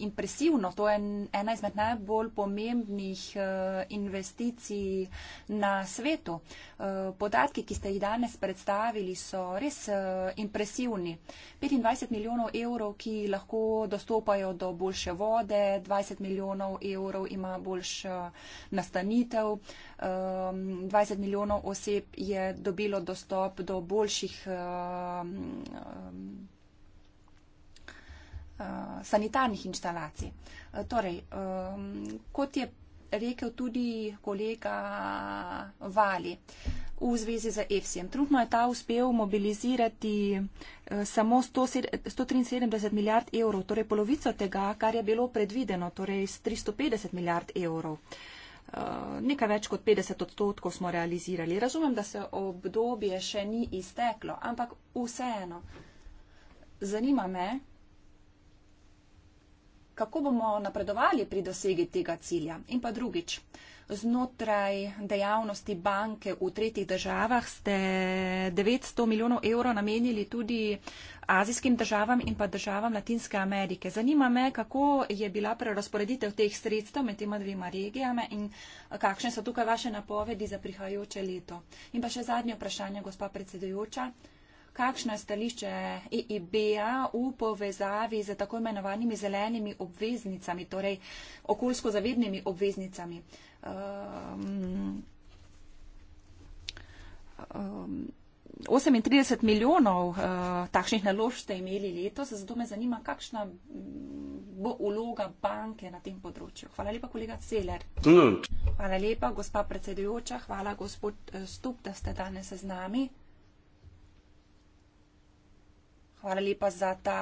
C: impresivno, to je ena izmed najbolj pomembnih uh, investicij na svetu. Uh, podatki, ki ste jih danes predstavili, so res uh, impresivni. 25 milijonov evrov, ki lahko dostopajo do boljše vode, 20 milijonov evrov ima boljšo nastanitev. Uh, 20 um, milijonov oseb je dobilo dostop do boljših um, um, uh, sanitarnih inštalacij. Uh, torej, kot je rekel tudi kolega Vali v zvezi z EFSI-em, trudno je ta uspel mobilizirati uh, samo 173 milijard evrov, torej polovico tega, kar je bilo predvideno, torej 350 milijard evrov. Eh, nekaj več kot 50 odstotkov smo realizirali. Razumem, da se obdobje še ni izteklo, ampak vseeno. Zanima me, kako bomo napredovali pri dosegi tega cilja. In pa drugič, znotraj dejavnosti banke v tretjih državah ste 900 milijonov evrov namenili tudi azijskim državam in pa državam Latinske Amerike. Zanima me, kako je bila prerasporeditev teh sredstev med tema dvema regijama in kakšne so tukaj vaše napovedi za prihajajoče leto. In pa še zadnje vprašanje, gospa predsedujoča. Kakšno je stališče EIB-a e v povezavi z tako imenovanimi zelenimi obveznicami, torej okoljsko zavednimi obveznicami? um, 38 um, milijonov uh, takšnih naložb ste imeli letos, zato me zanima, kakšna bo uloga banke na tem področju. Hvala lepa, kolega Celer. No. Hvala lepa, gospa predsedujoča. Hvala, gospod eh, Stup, da ste danes z nami. Hvala lepa za ta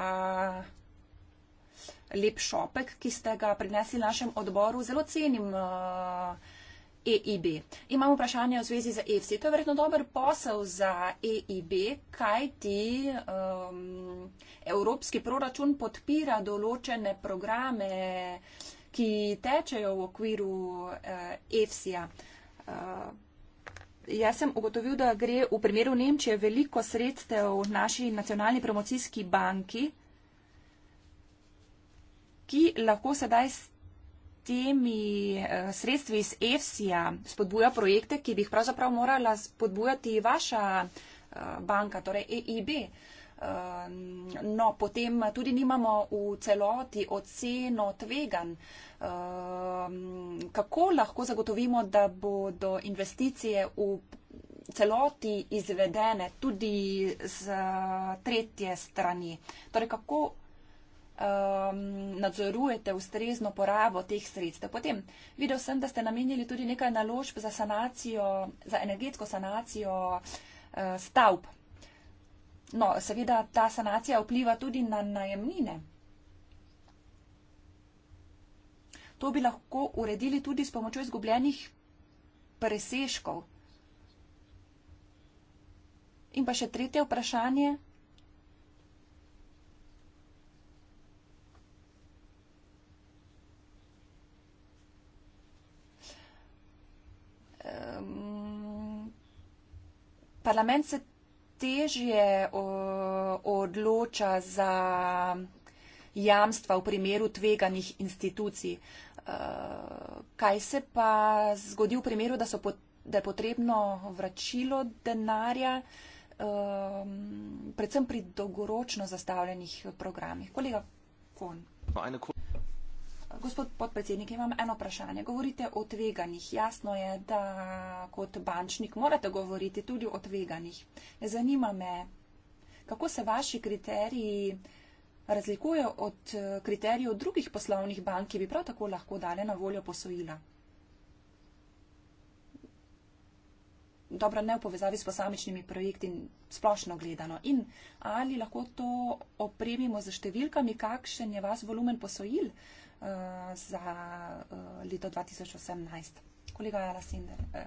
C: lep šopek, ki ste ga prinesli našem odboru. Zelo cenim uh, eh, EIB. Imam vprašanje v zvezi z EFSI. To je verjetno dober posel za EIB, kaj ti um, ehm, evropski proračun podpira določene programe, ki tečejo v okviru uh, eh, EFSI-ja. Uh, eh, Jaz sem ugotovil, da gre v primeru Nemčije veliko sredstev naši nacionalni promocijski banki ki lahko sedaj s temi eh, sredstvi iz EFSI-ja spodbuja projekte, ki bi jih pravzaprav morala spodbujati vaša eh, banka, torej EIB. Ehm, no, potem tudi nimamo v celoti oceno tvegan, ehm, kako lahko zagotovimo, da bodo investicije v celoti izvedene tudi z eh, tretje strani. Torej, kako um, nadzorujete ustrezno porabo teh sredstev. Potem videl sem, da ste namenili tudi nekaj naložb za sanacijo, za energetsko sanacijo uh, stavb. No, seveda ta sanacija vpliva tudi na najemnine. To bi lahko uredili tudi s pomočjo izgubljenih preseškov. In pa še tretje vprašanje. parlament se težje odloča za jamstva v primeru tveganih institucij. Eh, kaj se pa zgodi v primeru, da, pot, da je potrebno vračilo denarja, predvsem pri dolgoročno zastavljenih programih? Kolega Kon. Gospod podpredsednik, imam eno vprašanje. Govorite o tveganjih. Jasno je, da kot bančnik morate govoriti tudi o tveganjih. Zanima me, kako se vaši kriteriji razlikujejo od kriterijev drugih poslovnih bank, ki bi prav tako lahko dale na voljo posojila. Dobro, ne v povezavi s posamičnimi projekti, splošno gledano. In ali lahko to opremimo z številkami, kakšen je vas volumen posojil, Eh, za uh, leto 2018. Kolega Ala Sinder, uh, eh,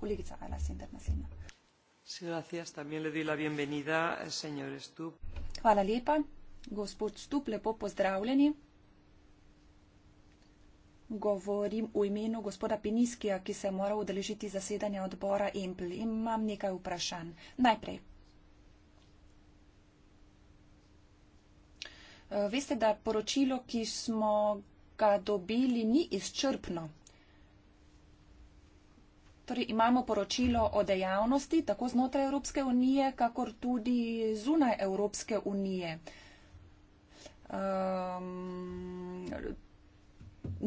C: kolegica Ala Sinder, naslednja. Sí, gracias. También le doy la bienvenida, señor Stup. Hvala lepa. Gospod Stup, lepo pozdravljeni. Govorim v imenu gospoda Piniskija, ki se je moral udeležiti zasedanja odbora Empl. Imam nekaj vprašanj. Najprej. Veste, da poročilo, ki smo ga dobili, ni izčrpno. Torej, imamo poročilo o dejavnosti tako znotraj Evropske unije, kakor tudi zunaj Evropske unije. Um,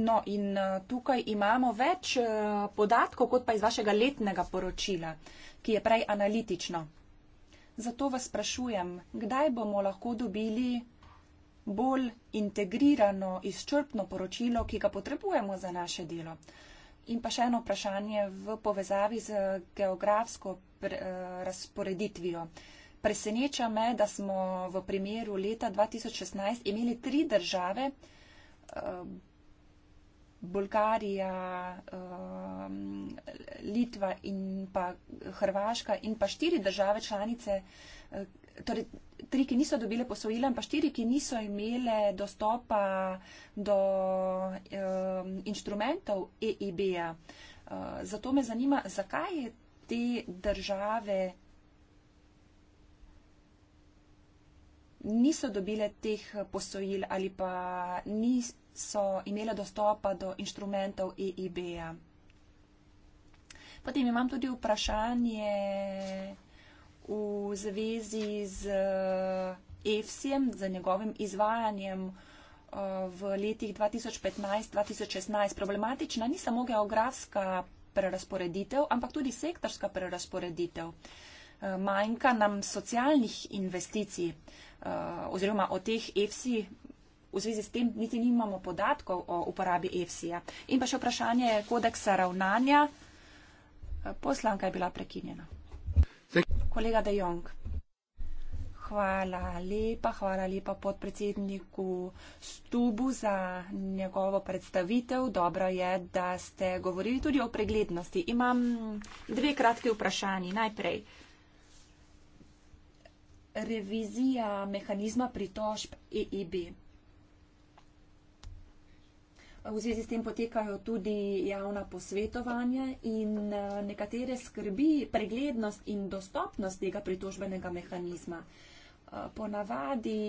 C: no, in uh, tukaj imamo več uh, podatkov, kot pa iz vašega letnega poročila, ki je prej analitično. Zato vas sprašujem, kdaj bomo lahko dobili bolj integrirano, izčrpno poročilo, ki ga potrebujemo za naše delo. In pa še eno vprašanje v povezavi z geografsko eh, razporeditvijo. Preseneča me, da smo v primeru leta 2016 imeli tri države, eh, Bolgarija, eh, Litva in pa Hrvaška in pa štiri države članice, torej tri, ki niso dobile posojila in pa štiri, ki niso imele dostopa do um, inštrumentov EIB-a. Uh, eh, zato me zanima, zakaj je te države niso dobile teh posojil ali pa niso imele dostopa do inštrumentov EIB-a. Potem imam tudi vprašanje v zvezi z EFSIM, eh, z njegovim izvajanjem eh, v letih 2015-2016 problematična ni samo geografska prerasporeditev, ampak tudi sektorska prerasporeditev. Eh, manjka nam socialnih investicij oziroma o teh EFSI v zvezi s tem niti nimamo podatkov o uporabi EFSI-ja. In pa še vprašanje kodeksa ravnanja. Poslanka je bila prekinjena. Kolega De Jong. Hvala lepa, hvala lepa podpredsedniku Stubu za njegovo predstavitev. Dobro je, da ste govorili tudi o preglednosti. Imam dve kratke vprašanje. Najprej. Revizija mehanizma pritožb EIB. V zvezi s tem potekajo tudi javna posvetovanja in eh, nekatere skrbi preglednost in dostopnost tega pritožbenega mehanizma. Eh, ponavadi,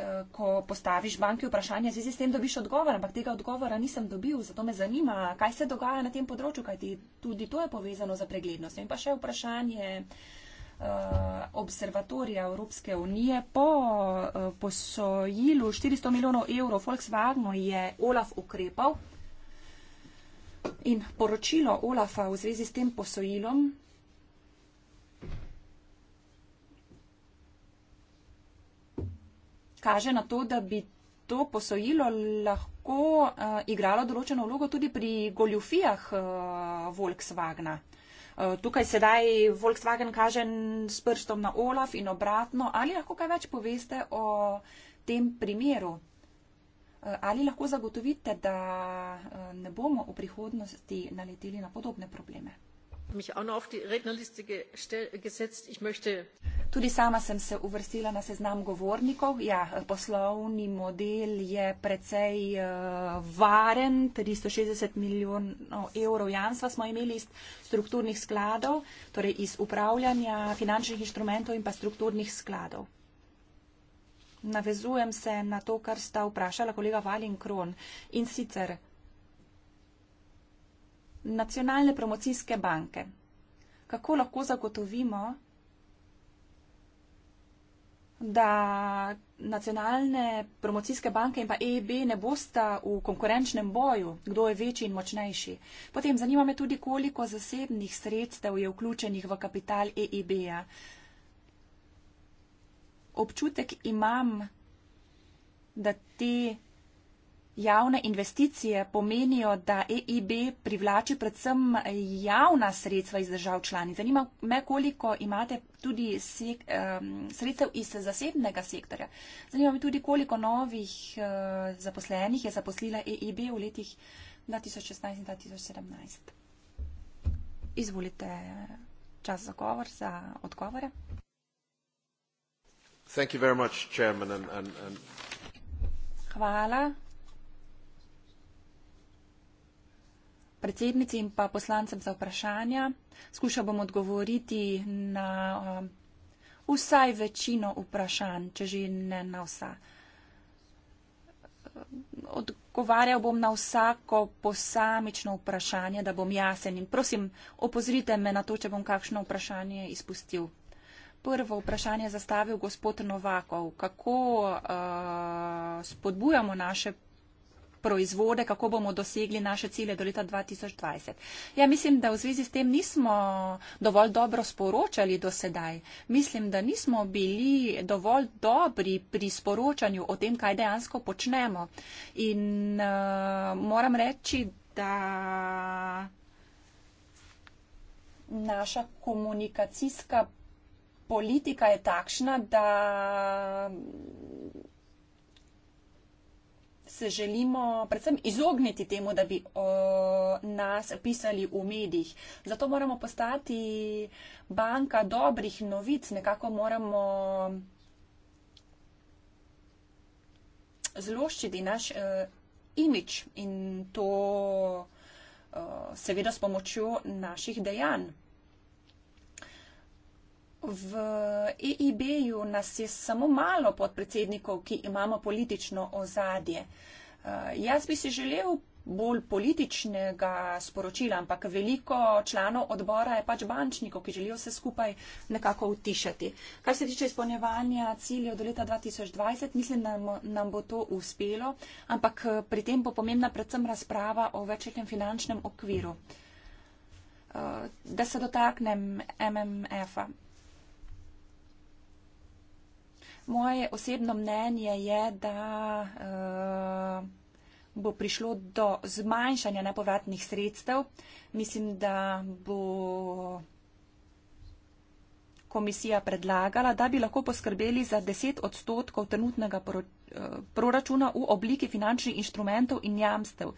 C: eh, ko postaviš banki vprašanje, v zvezi s tem dobiš odgovor, ampak tega odgovora nisem dobil, zato me zanima, kaj se dogaja na tem področju, kajti tudi to je povezano za preglednost. In pa še vprašanje, Eh, observatorija Evropske unije. Po eh, posojilu 400 milijonov evrov Volkswagenu je Olaf ukrepal in poročilo Olafa v zvezi s tem posojilom kaže na to, da bi to posojilo lahko uh, igralo določeno vlogo tudi pri goljufijah uh, Volkswagna. Eh, tukaj sedaj Volkswagen kaže s prstom na Olaf in obratno. Ali lahko kaj več poveste o tem primeru? Eh, ali lahko zagotovite, da eh, ne bomo v prihodnosti naleteli na podobne probleme? Tudi sama sem se uvrstila na seznam govornikov. Ja, poslovni model je precej uh, varen, 360 milijonov evrov jamstva smo imeli iz strukturnih skladov, torej iz upravljanja finančnih inštrumentov in pa strukturnih skladov. Navezujem se na to, kar sta vprašala kolega Valin Kron in sicer nacionalne promocijske banke. Kako lahko zagotovimo, da nacionalne promocijske banke in pa EIB ne bosta v konkurenčnem boju, kdo je večji in močnejši. Potem zanima me tudi, koliko zasebnih sredstev je vključenih v kapital EIB-ja. E Občutek imam, da ti Javne investicije pomenijo, da EIB privlači predvsem javna sredstva iz držav članic. Zanima me, koliko imate tudi sek, um, sredstev iz zasebnega sektorja. Zanima me tudi, koliko novih uh, zaposlenih je zaposlila EIB v letih 2016 in 2017. Izvolite čas za, govor, za odgovore. Hvala, predsednici in pa poslancem za vprašanja. Skušal bom odgovoriti na um, vsaj večino vprašanj, če že ne na vsa. Odgovarjal bom na vsako posamično vprašanje, da bom jasen in prosim, opozorite me na to, če bom kakšno vprašanje izpustil. Prvo vprašanje je zastavil gospod Novakov. Kako uh, spodbujamo naše proizvode, kako bomo dosegli naše cilje do leta 2020. Ja, mislim, da v zvezi s tem nismo dovolj dobro sporočali do sedaj. Mislim, da nismo bili dovolj dobri pri sporočanju o tem, kaj dejansko počnemo. In uh, moram reči, da. Naša komunikacijska politika je takšna, da se želimo predvsem izogniti temu, da bi o nas pisali v medijih. Zato moramo postati banka dobrih novic, nekako moramo zloščiti naš uh, e, imič in to uh, seveda s pomočjo naših dejanj. V EIB-ju nas je samo malo podpredsednikov, ki imamo politično ozadje. Eh, jaz bi si želel bolj političnega sporočila, ampak veliko članov odbora je pač bančnikov, ki želijo vse skupaj nekako utišati. Kar se tiče izpolnjevanja ciljev do leta 2020, mislim, da nam, nam bo to uspelo, ampak eh, pri tem bo pomembna predvsem razprava o večjem finančnem okviru. Eh, da se dotaknem MMF-a. Moje osebno mnenje je, da eh, bo prišlo do zmanjšanja nepovratnih sredstev. Mislim, da bo komisija predlagala, da bi lahko poskrbeli za 10 odstotkov trenutnega eh, proračuna v obliki finančnih inštrumentov in jamstev.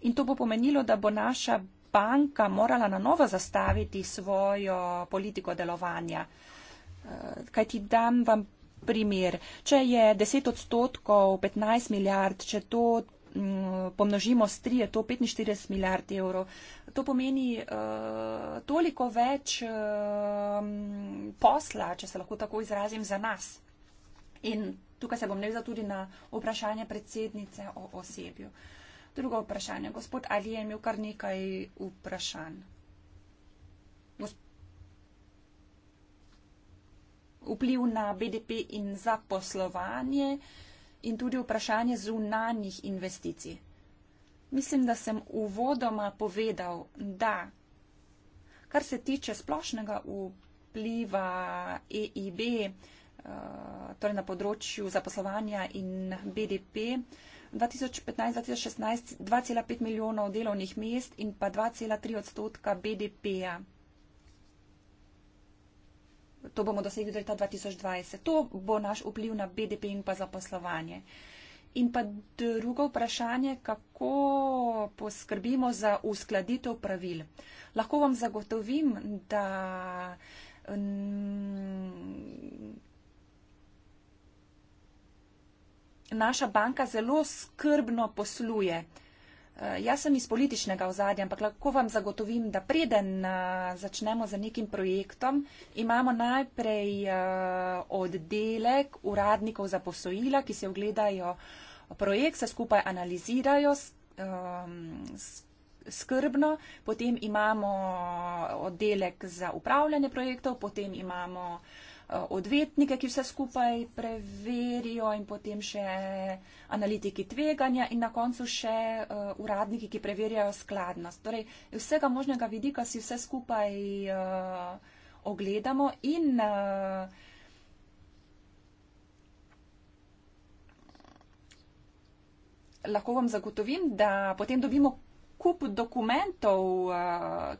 C: In to bo pomenilo, da bo naša banka morala na novo zastaviti svojo politiko delovanja. Eh, Kaj ti dam vam primer. Če je 10 odstotkov 15 milijard, če to mm, pomnožimo s 3, je to 45 milijard evrov. To pomeni uh, toliko več uh, posla, če se lahko tako izrazim, za nas. In tukaj se bom nevzal tudi na vprašanje predsednice o osebju. Drugo vprašanje. Gospod Ali je imel kar nekaj vprašanj. Gospod vpliv na BDP in zaposlovanje in tudi vprašanje zunanjih investicij. Mislim, da sem uvodoma povedal, da kar se tiče splošnega vpliva EIB, eh, torej na področju zaposlovanja in BDP, 2015-2016 2,5 milijonov delovnih mest in pa 2,3 odstotka BDP-ja to bomo dosegli do leta 2020. To bo naš vpliv na BDP in pa zaposlovanje. In pa drugo vprašanje, kako poskrbimo za uskladitev pravil. Lahko vam zagotovim, da. Naša banka zelo skrbno posluje Eh, jaz sem iz političnega ozadja, ampak lahko vam zagotovim, da preden eh, začnemo za nekim projektom, imamo najprej eh, oddelek uradnikov za posojila, ki se ogledajo projekt, se skupaj analizirajo ehm, skrbno, potem imamo oddelek za upravljanje projektov, potem imamo Eh, odvetnike, ki vse skupaj preverijo in potem še analitiki tveganja in na koncu še eh, uradniki, ki preverjajo skladnost. Torej, vsega možnega vidika si vse skupaj eh, ogledamo in lahko vam zagotovim, da potem dobimo kup dokumentov,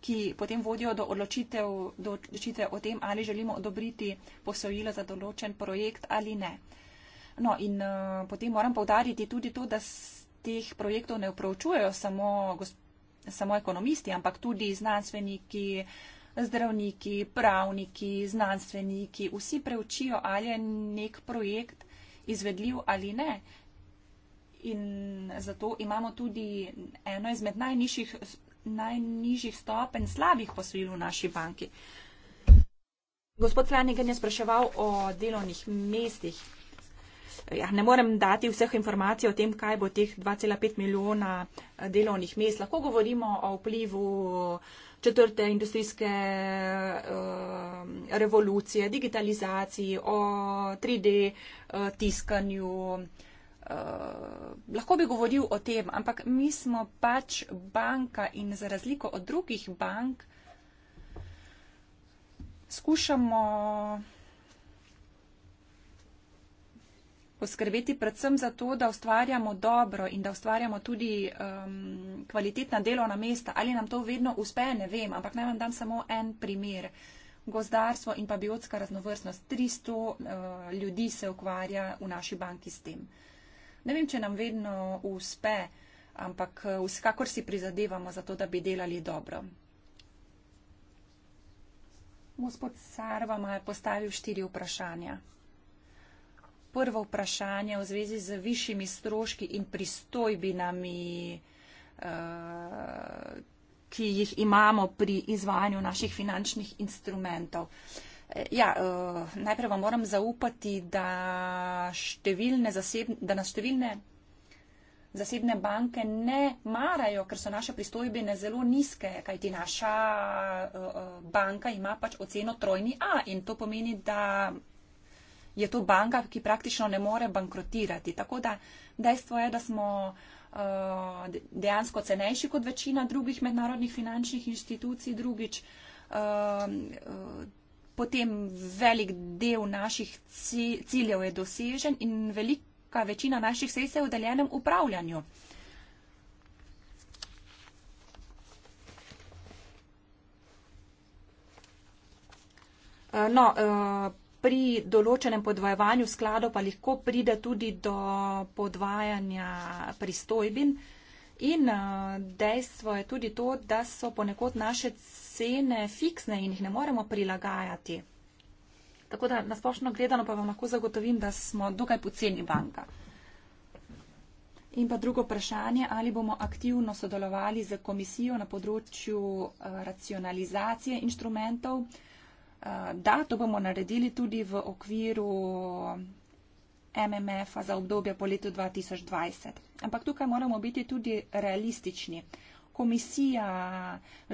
C: ki potem vodijo do odločitev, do odločitev o tem, ali želimo odobriti posojilo za določen projekt ali ne. No in uh, potem moram povdariti tudi to, da teh projektov ne upravčujejo samo, samo ekonomisti, ampak tudi znanstveniki, zdravniki, pravniki, znanstveniki. Vsi preučijo, ali je nek projekt izvedljiv ali ne. In zato imamo tudi eno izmed najnižjih najnižjih stopenj slabih posojil v naši banki. Gospod Flanagan je spraševal o delovnih mestih. Ja, ne morem dati vseh informacij o tem, kaj bo teh 2,5 milijona eh, delovnih mest. Lahko govorimo o vplivu četrte industrijske uh, revolucije, digitalizaciji, o 3D uh, eh, tiskanju. Uh, uh, lahko bi govoril o tem, ampak mi smo pač banka in za razliko od drugih bank skušamo poskrbeti predvsem za to, da ustvarjamo dobro in da ustvarjamo tudi um, kvalitetna delovna mesta. Ali nam to vedno uspe, ne vem, ampak naj vam dam samo en primer. Gozdarstvo in pa biotska raznovrstnost. 300 uh, eh, ljudi se ukvarja v naši banki s tem. Uh, Ne vem, če nam vedno uspe, ampak eh, vsekakor si prizadevamo za to, da bi delali dobro. Gospod Sarva ima postavil štiri vprašanja. Prvo vprašanje v zvezi z višjimi stroški in pristojbinami, eh, ki jih imamo pri izvajanju naših finančnih instrumentov. Ja, uh, najprej vam moram zaupati, da, zasebne, da nas številne zasebne banke ne marajo, ker so naše pristojbine zelo nizke, kajti naša uh, banka ima pač oceno trojni A in to pomeni, da je to banka, ki praktično ne more bankrotirati. Tako da dejstvo je, da smo uh, dejansko cenejši kot večina drugih mednarodnih finančnih inštitucij, drugič. Uh, uh, potem velik del naših ciljev je dosežen in velika večina naših sredstev je v deljenem upravljanju. Eh, no, eh, pri določenem podvajanju sklado pa lahko pride tudi do podvajanja pristojbin in eh, dejstvo je tudi to, da so ponekod naše ciljev cene fiksne in jih ne moremo prilagajati. Tako da nasplošno gledano pa vam lahko zagotovim, da smo dokaj poceni banka. In pa drugo vprašanje, ali bomo aktivno sodelovali z komisijo na področju eh, racionalizacije inštrumentov. Eh, da, to bomo naredili tudi v okviru MMF-a za obdobje po letu 2020. Ampak tukaj moramo biti tudi realistični komisija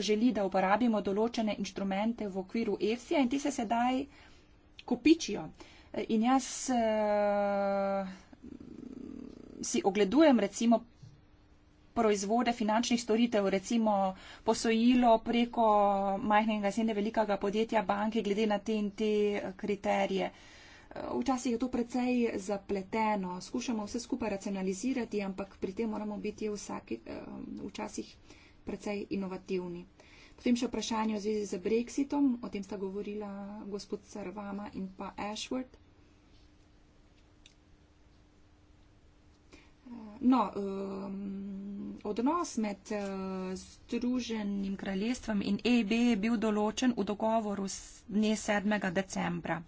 C: želi, da uporabimo določene inštrumente v okviru EFSI-ja in ti se sedaj kopičijo. In jaz uh, si ogledujem recimo proizvode finančnih storitev, recimo posojilo preko majhnega in velikega podjetja banke, glede na te in te kriterije. Uh, Včasih je to precej zapleteno, skušamo vse skupaj racionalizirati, ampak pri tem moramo biti vsaki, eh, včasih precej inovativni. Potem še vprašanje v zvezi z Brexitom, o tem sta govorila gospod Sarvama in pa Ashworth. No, um, odnos med uh, Združenim kraljestvom in EB je bil določen v dogovoru dne 7. decembra.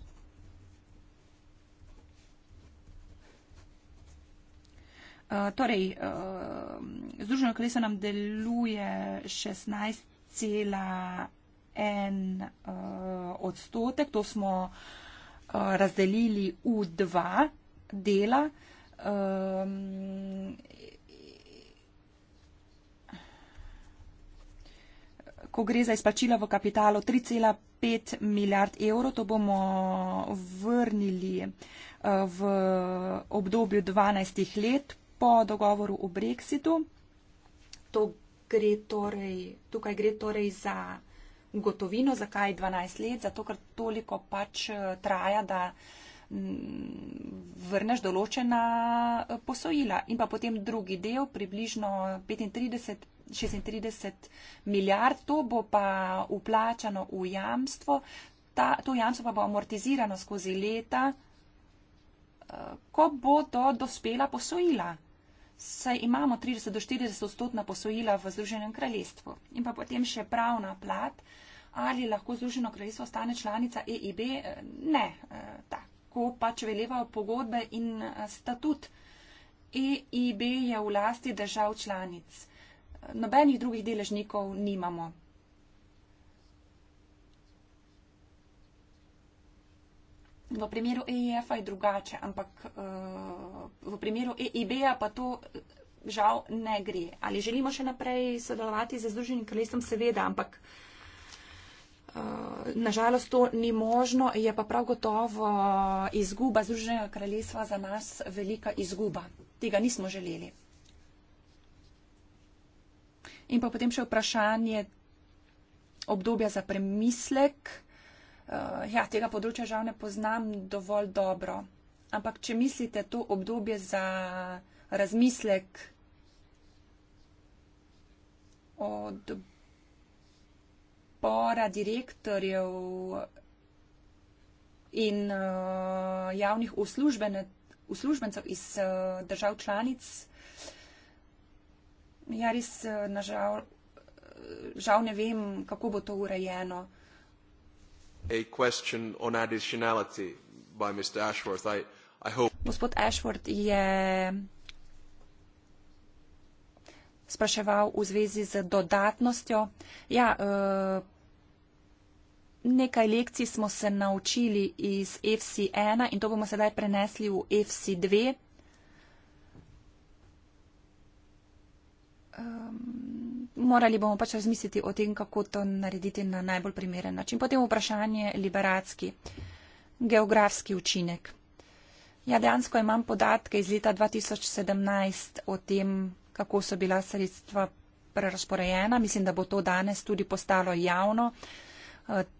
C: Eh, torej, uh, združeno kraljestvo nam deluje 16,1 uh, eh, odstotek, to smo uh, razdelili v dva dela. Um, Ko gre za izplačila v kapitalu 3,5 milijard evrov, to bomo vrnili v obdobju 12 let, po dogovoru o Brexitu. To gre torej, tukaj gre torej za gotovino, zakaj 12 let, zato ker toliko pač eh, traja, da mm, vrneš določena eh, posojila. In pa potem drugi del, približno 35. 36 milijard, to bo pa uplačano v jamstvo, Ta, to jamstvo pa bo amortizirano skozi leta, eh, ko bodo dospela posojila saj imamo 30 do 40 odstotna posojila v Združenem kraljestvu. In pa potem še pravna plat, ali lahko Združeno kraljestvo stane članica EIB. Eh, ne, eh, tako pač velevajo pogodbe in eh, statut. EIB je v lasti držav članic. Nobenih drugih deležnikov nimamo. V primeru EIF-a e je drugače, ampak uh, v primeru EIB-a pa to eh, žal ne gre. Ali želimo še naprej sodelovati z Združenim kraljestvom? Seveda, ampak uh, eh, nažalost to ni možno. Je pa prav gotovo izguba Združenega kraljestva za nas velika izguba. Tega nismo želeli. In pa potem še vprašanje obdobja za premislek uh, ja, tega področja žal ne poznam dovolj dobro. Ampak, če mislite to obdobje za razmislek od pora direktorjev in uh, javnih uslužbencev iz uh, držav članic, ja, res uh, nažal žal ne vem, kako bo to urejeno a question on additionality by Mr. Ashworth. I, I hope. Gospod Ashworth je spraševal v zvezi z dodatnostjo. Ja, eh, nekaj lekcij smo se naučili iz FC1 in to bomo sedaj prenesli v FC2. Um, morali bomo pač razmisliti o tem, kako to narediti na najbolj primeren način. Potem vprašanje liberatski, geografski učinek. Ja, dejansko imam podatke iz leta 2017 o tem, kako so bila sredstva prerasporejena. Mislim, da bo to danes tudi postalo javno.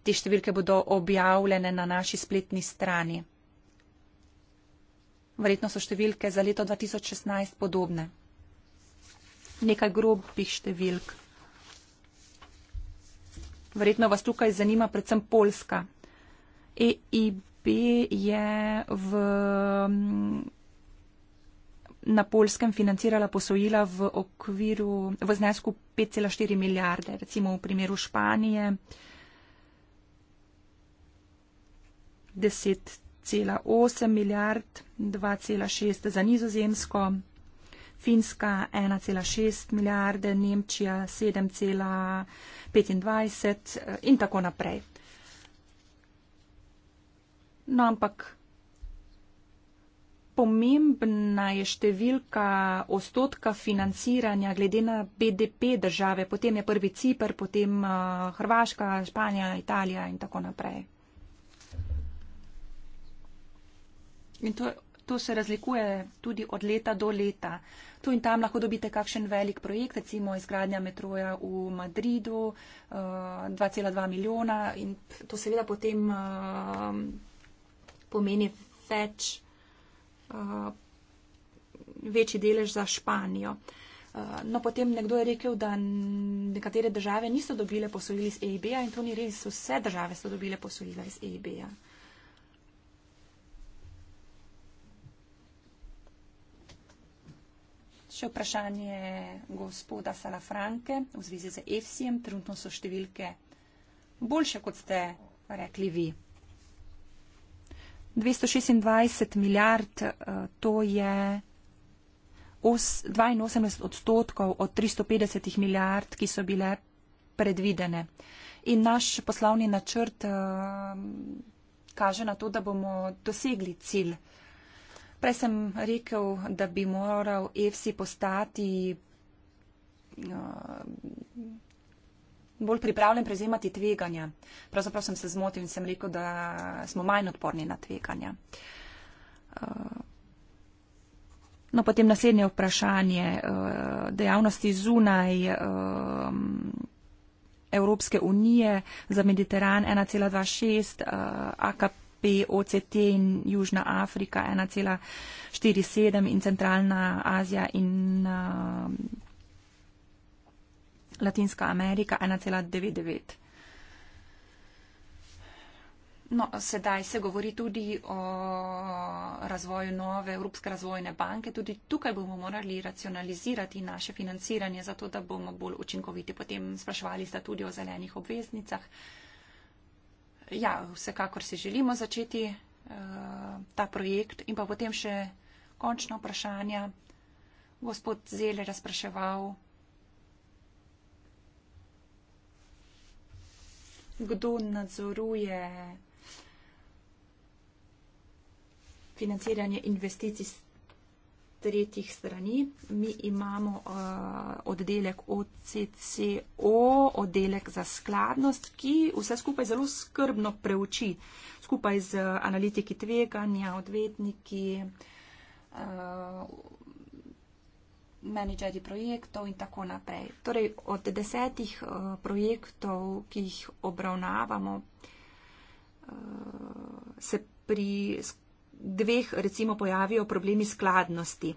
C: Te številke bodo objavljene na naši spletni strani. Verjetno so številke za leto 2016 podobne nekaj grobih številk. Verjetno vas tukaj zanima predvsem Poljska. EIB je v, mm, na Poljskem financirala posojila v okviru, v znesku 5,4 milijarde, recimo v primeru Španije 10,8 milijard, 2,6 za nizozemsko. Finska 1,6 milijarde, Nemčija 7,25 eh, in tako naprej. No, ampak pomembna je številka ostotka financiranja glede na BDP države, potem je prvi Cipr, potem eh, Hrvaška, Španija, Italija in tako naprej. In to je to se razlikuje tudi od leta do leta. Tu in tam lahko dobite kakšen velik projekt, recimo izgradnja metroja v Madridu, 2,2 eh, milijona in to seveda potem eh, pomeni več, eh, večji delež za Španijo. No, potem nekdo je rekel, da nekatere države niso dobile posojil iz EIB-a in to ni res. Vse države so dobile posojila iz EIB-a. Še vprašanje gospoda Salafranke v zvezi z EFSI-jem. Trenutno so številke boljše, kot ste rekli vi. 226 milijard, eh, to je 82 odstotkov od 350 milijard, ki so bile predvidene. In naš poslovni načrt eh, kaže na to, da bomo dosegli cilj Prej sem rekel, da bi moral EFSI postati eh, bolj pripravljen prezimati tveganja. Pravzaprav sem se zmotil in sem rekel, da smo manj odporni na tveganja. Eh, no, potem naslednje vprašanje. Eh, dejavnosti zunaj Evropske unije za Mediteran 1,26 AKP. BP, OCT in Južna Afrika 1,47 in Centralna Azija in uh, Latinska Amerika 1,99. No, sedaj se govori tudi o razvoju nove Evropske razvojne banke. Tudi tukaj bomo morali racionalizirati naše financiranje, zato da bomo bolj učinkoviti. Potem spraševali ste tudi o zelenih obveznicah. Uh, ja, vsekakor si želimo začeti uh, ta projekt in pa potem še končno vprašanje. Gospod Zele razpraševal, kdo nadzoruje financiranje investicij tretjih strani. Mi imamo uh, oddelek OCCO, oddelek za skladnost, ki vse skupaj zelo skrbno preuči, skupaj z analitiki tveganja, odvetniki, uh, menedžerji projektov in tako naprej. Torej, od desetih uh, projektov, ki jih obravnavamo, uh, se pri skladnosti dveh recimo pojavijo problemi skladnosti.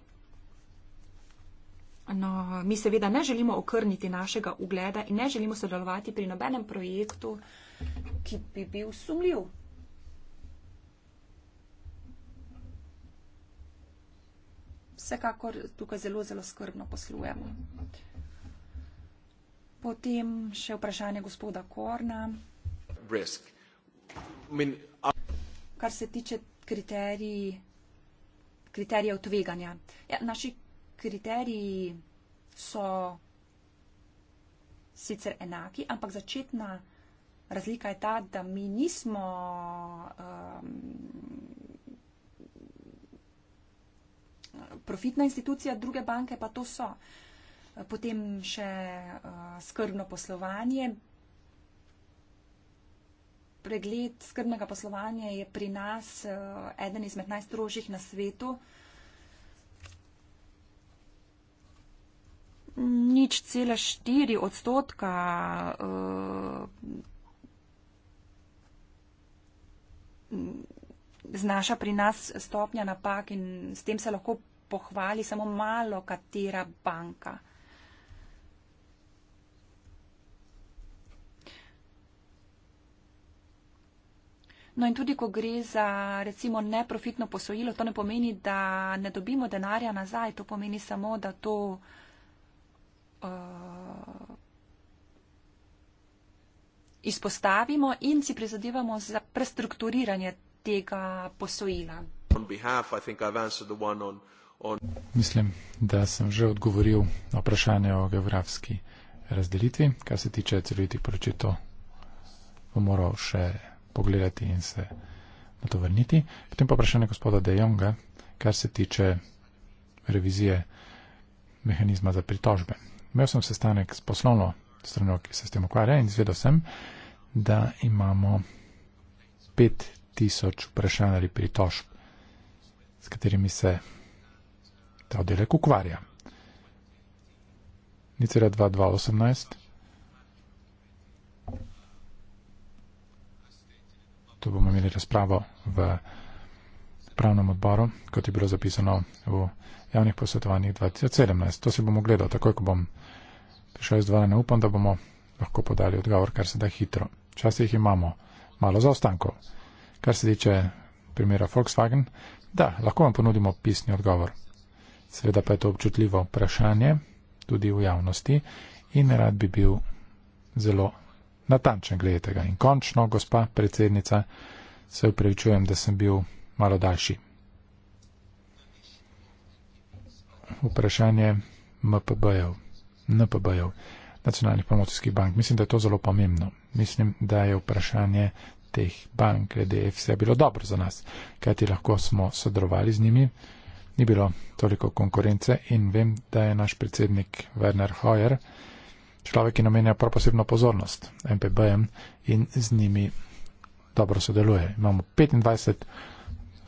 C: No, mi seveda ne želimo okrniti našega ugleda in ne želimo sodelovati pri nobenem projektu, ki bi bil sumljiv. Vsekakor tukaj zelo, zelo skrbno poslujemo. Potem še vprašanje gospoda Korna. Risk. Kar se tiče kriteriji, kriterijev tveganja. Ja, naši kriteriji so sicer enaki, ampak začetna razlika je ta, da mi nismo um, profitna institucija, druge banke pa to so. Potem še uh, skrbno poslovanje, pregled skrbnega poslovanja je pri nas eh, eden izmed najstrožjih na svetu. Nič cela štiri odstotka uh, znaša pri nas stopnja napak in s tem se lahko pohvali samo malo katera banka. No in tudi, ko gre za recimo neprofitno posojilo, to ne pomeni, da ne dobimo denarja nazaj, to pomeni samo, da to. Uh, izpostavimo in si prizadevamo za prestrukturiranje tega posojila.
A: Mislim, da sem že odgovoril na vprašanje o geografski razdelitvi. Kar se tiče celovitih poročitev, bom moral še pogledati in se na to vrniti. Potem pa vprašanje gospoda De Jonga, kar se tiče revizije mehanizma za pritožbe. Imel sem sestanek s poslovno strano, ki se s tem ukvarja in izvedel sem, da imamo 5000 vprašanj ali pritožb, s katerimi se ta oddelek ukvarja. Nicera 2218. to bomo imeli razpravo v pravnem odboru, kot je bilo zapisano v javnih posvetovanjih 2017. To si bomo gledali, takoj ko bom prišel iz dvorane, upam, da bomo lahko podali odgovor, kar se da hitro. Včasih imamo malo zaostankov. Kar se tiče primera Volkswagen, da, lahko vam ponudimo pisni odgovor. Seveda pa je to občutljivo vprašanje tudi v javnosti in rad bi bil zelo natančen glede tega. In končno, gospa predsednica, se upravičujem, da sem bil malo daljši. Vprašanje MPB-jev, NPB-jev, nacionalnih promocijskih bank. Mislim, da je to zelo pomembno. Mislim, da je vprašanje teh bank glede FCA bilo dobro za nas, kajti lahko smo sodelovali z njimi. Ni bilo toliko konkurence in vem, da je naš predsednik Werner Hoyer človek, ki namenja prav posebno pozornost MPB-jem in z njimi dobro sodeluje. Imamo 25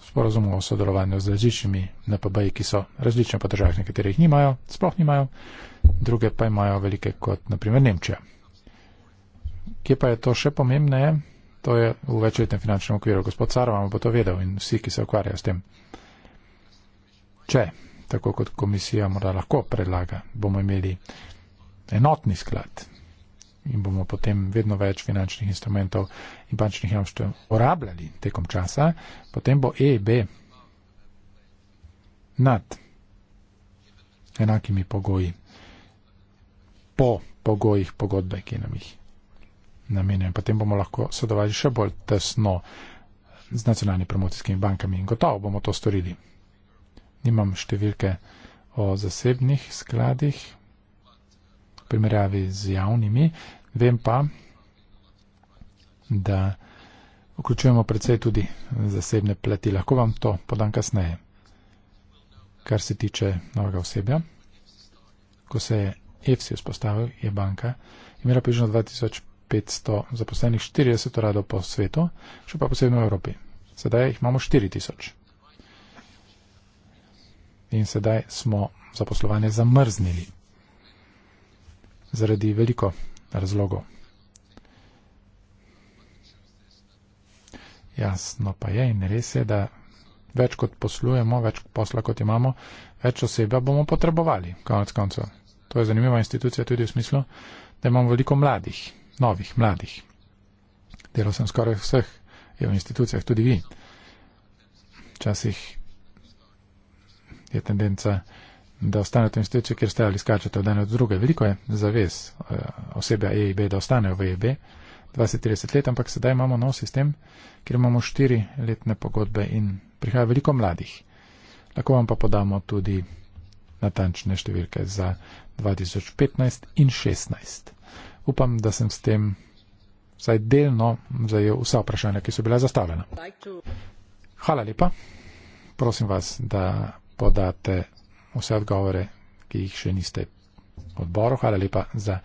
A: sporozumov o sodelovanju z različnimi MPB-ji, ki so različne po državah, nekateri jih nimajo, sploh nimajo, druge pa imajo velike kot naprimer Nemčija. Kje pa je to še pomembneje? To je v večletnem finančnem okviru. Gospod Caro vam bo to vedel in vsi, ki se ukvarjajo s tem. Če, tako kot komisija morda lahko predlaga, bomo imeli enotni sklad in bomo potem vedno več finančnih instrumentov in bančnih jamstv porabljali tekom časa, potem bo EB nad enakimi pogoji, po pogojih pogodbe, ki nam jih namenjajo. Potem bomo lahko sodelovali še bolj tesno z nacionalnimi promocijskimi bankami in gotovo bomo to storili. Nimam številke o zasebnih skladih, v primerjavi z javnimi. Vem pa, da vključujemo predvsej tudi zasebne plati. Lahko vam to podam kasneje. Kar se tiče novega osebja, ko se je EFSI vzpostavil, je banka imela približno 2500 zaposlenih, 40 rado po svetu, še pa posebno v Evropi. Sedaj jih imamo 4000. In sedaj smo zaposlovanje zamrznili zaradi veliko razlogov. Jasno pa je in res je, da več kot poslujemo, več posla kot imamo, več osebe bomo potrebovali. Konec koncev. To je zanimiva institucija tudi v smislu, da imamo veliko mladih, novih mladih. Delal sem skoraj vseh je v institucijah, tudi vi. Včasih je tendenca, da da ostanete v instituciji, kjer ste ali skačete od ene do druge. Veliko je zavez eh, osebja EIB, da ostanejo v EIB 20-30 let, ampak sedaj imamo nov sistem, kjer imamo 4 letne pogodbe in prihaja veliko mladih. Lahko vam pa podamo tudi natančne številke za 2015 in 2016. Upam, da sem s tem vsaj delno zajel vsa vprašanja, ki so bila zastavljena. Hvala lepa. Prosim vas, da podate vse odgovore, ki jih še niste odboru. Hvala lepa za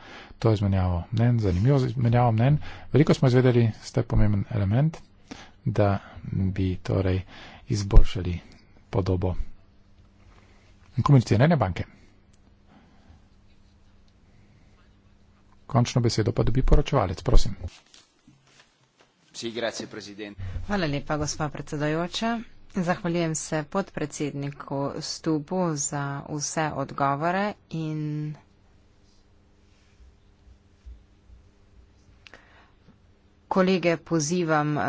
A: to izmenjavo mnen, zanimivo izmenjavo mnen. Veliko smo izvedeli, ste pomemben element, da bi torej izboljšali podobo komunicirane banke. Končno besedo pa dobi poročevalec, prosim.
B: Hvala lepa, gospa predsedajoča. Zahvaljujem se podpredsedniku Stubu za vse odgovore in kolege pozivam, eh,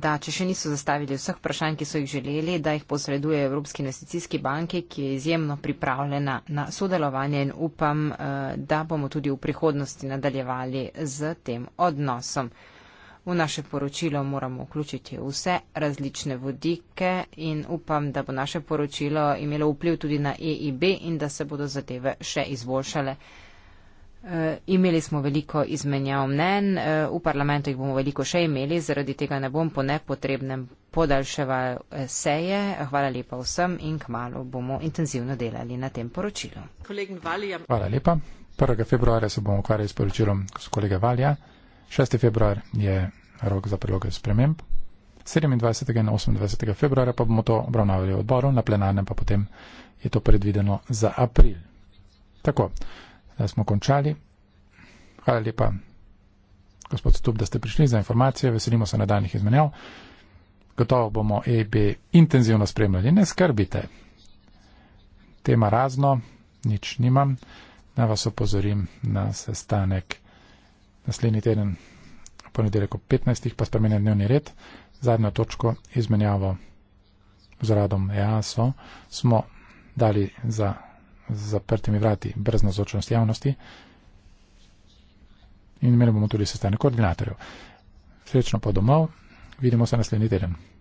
B: da če še niso zastavili vseh vprašanj, ki so jih želeli, da jih posreduje Evropski investicijski banki, ki je izjemno pripravljena na sodelovanje in upam, eh, da bomo tudi v prihodnosti nadaljevali z tem odnosom. V naše poročilo moramo vključiti vse različne vodike in upam, da bo naše poročilo imelo vpliv tudi na EIB in da se bodo zadeve še izboljšale. E, imeli smo veliko izmenjav mnen, e, eh, v parlamentu jih bomo veliko še imeli, zaradi tega ne bom po nepotrebnem podaljševal eh, seje. Hvala lepa vsem in kmalo bomo intenzivno delali na tem poročilu.
A: Hvala lepa. 1. februarja se bomo ukvarjali s poročilom kolega Valja. 6. februar je rok za priloge sprememb, 27. in 28. februarja pa bomo to obravnavali v odboru, na plenarnem pa potem je to predvideno za april. Tako, zdaj smo končali. Hvala lepa, gospod Stup, da ste prišli za informacije, veselimo se nadaljnih izmenjav. Gotovo bomo EB intenzivno spremljali, ne skrbite. Tema razno, nič nimam. Naj vas opozorim na sestanek naslednji teden, ponedeljek ob 15, pa spremenjen dnevni red, zadnjo točko izmenjavo z radom EASO smo dali za zaprtimi vrati brez nazočnosti javnosti in imeli bomo tudi sestanek koordinatorjev. Srečno pa domov, vidimo se naslednji teden.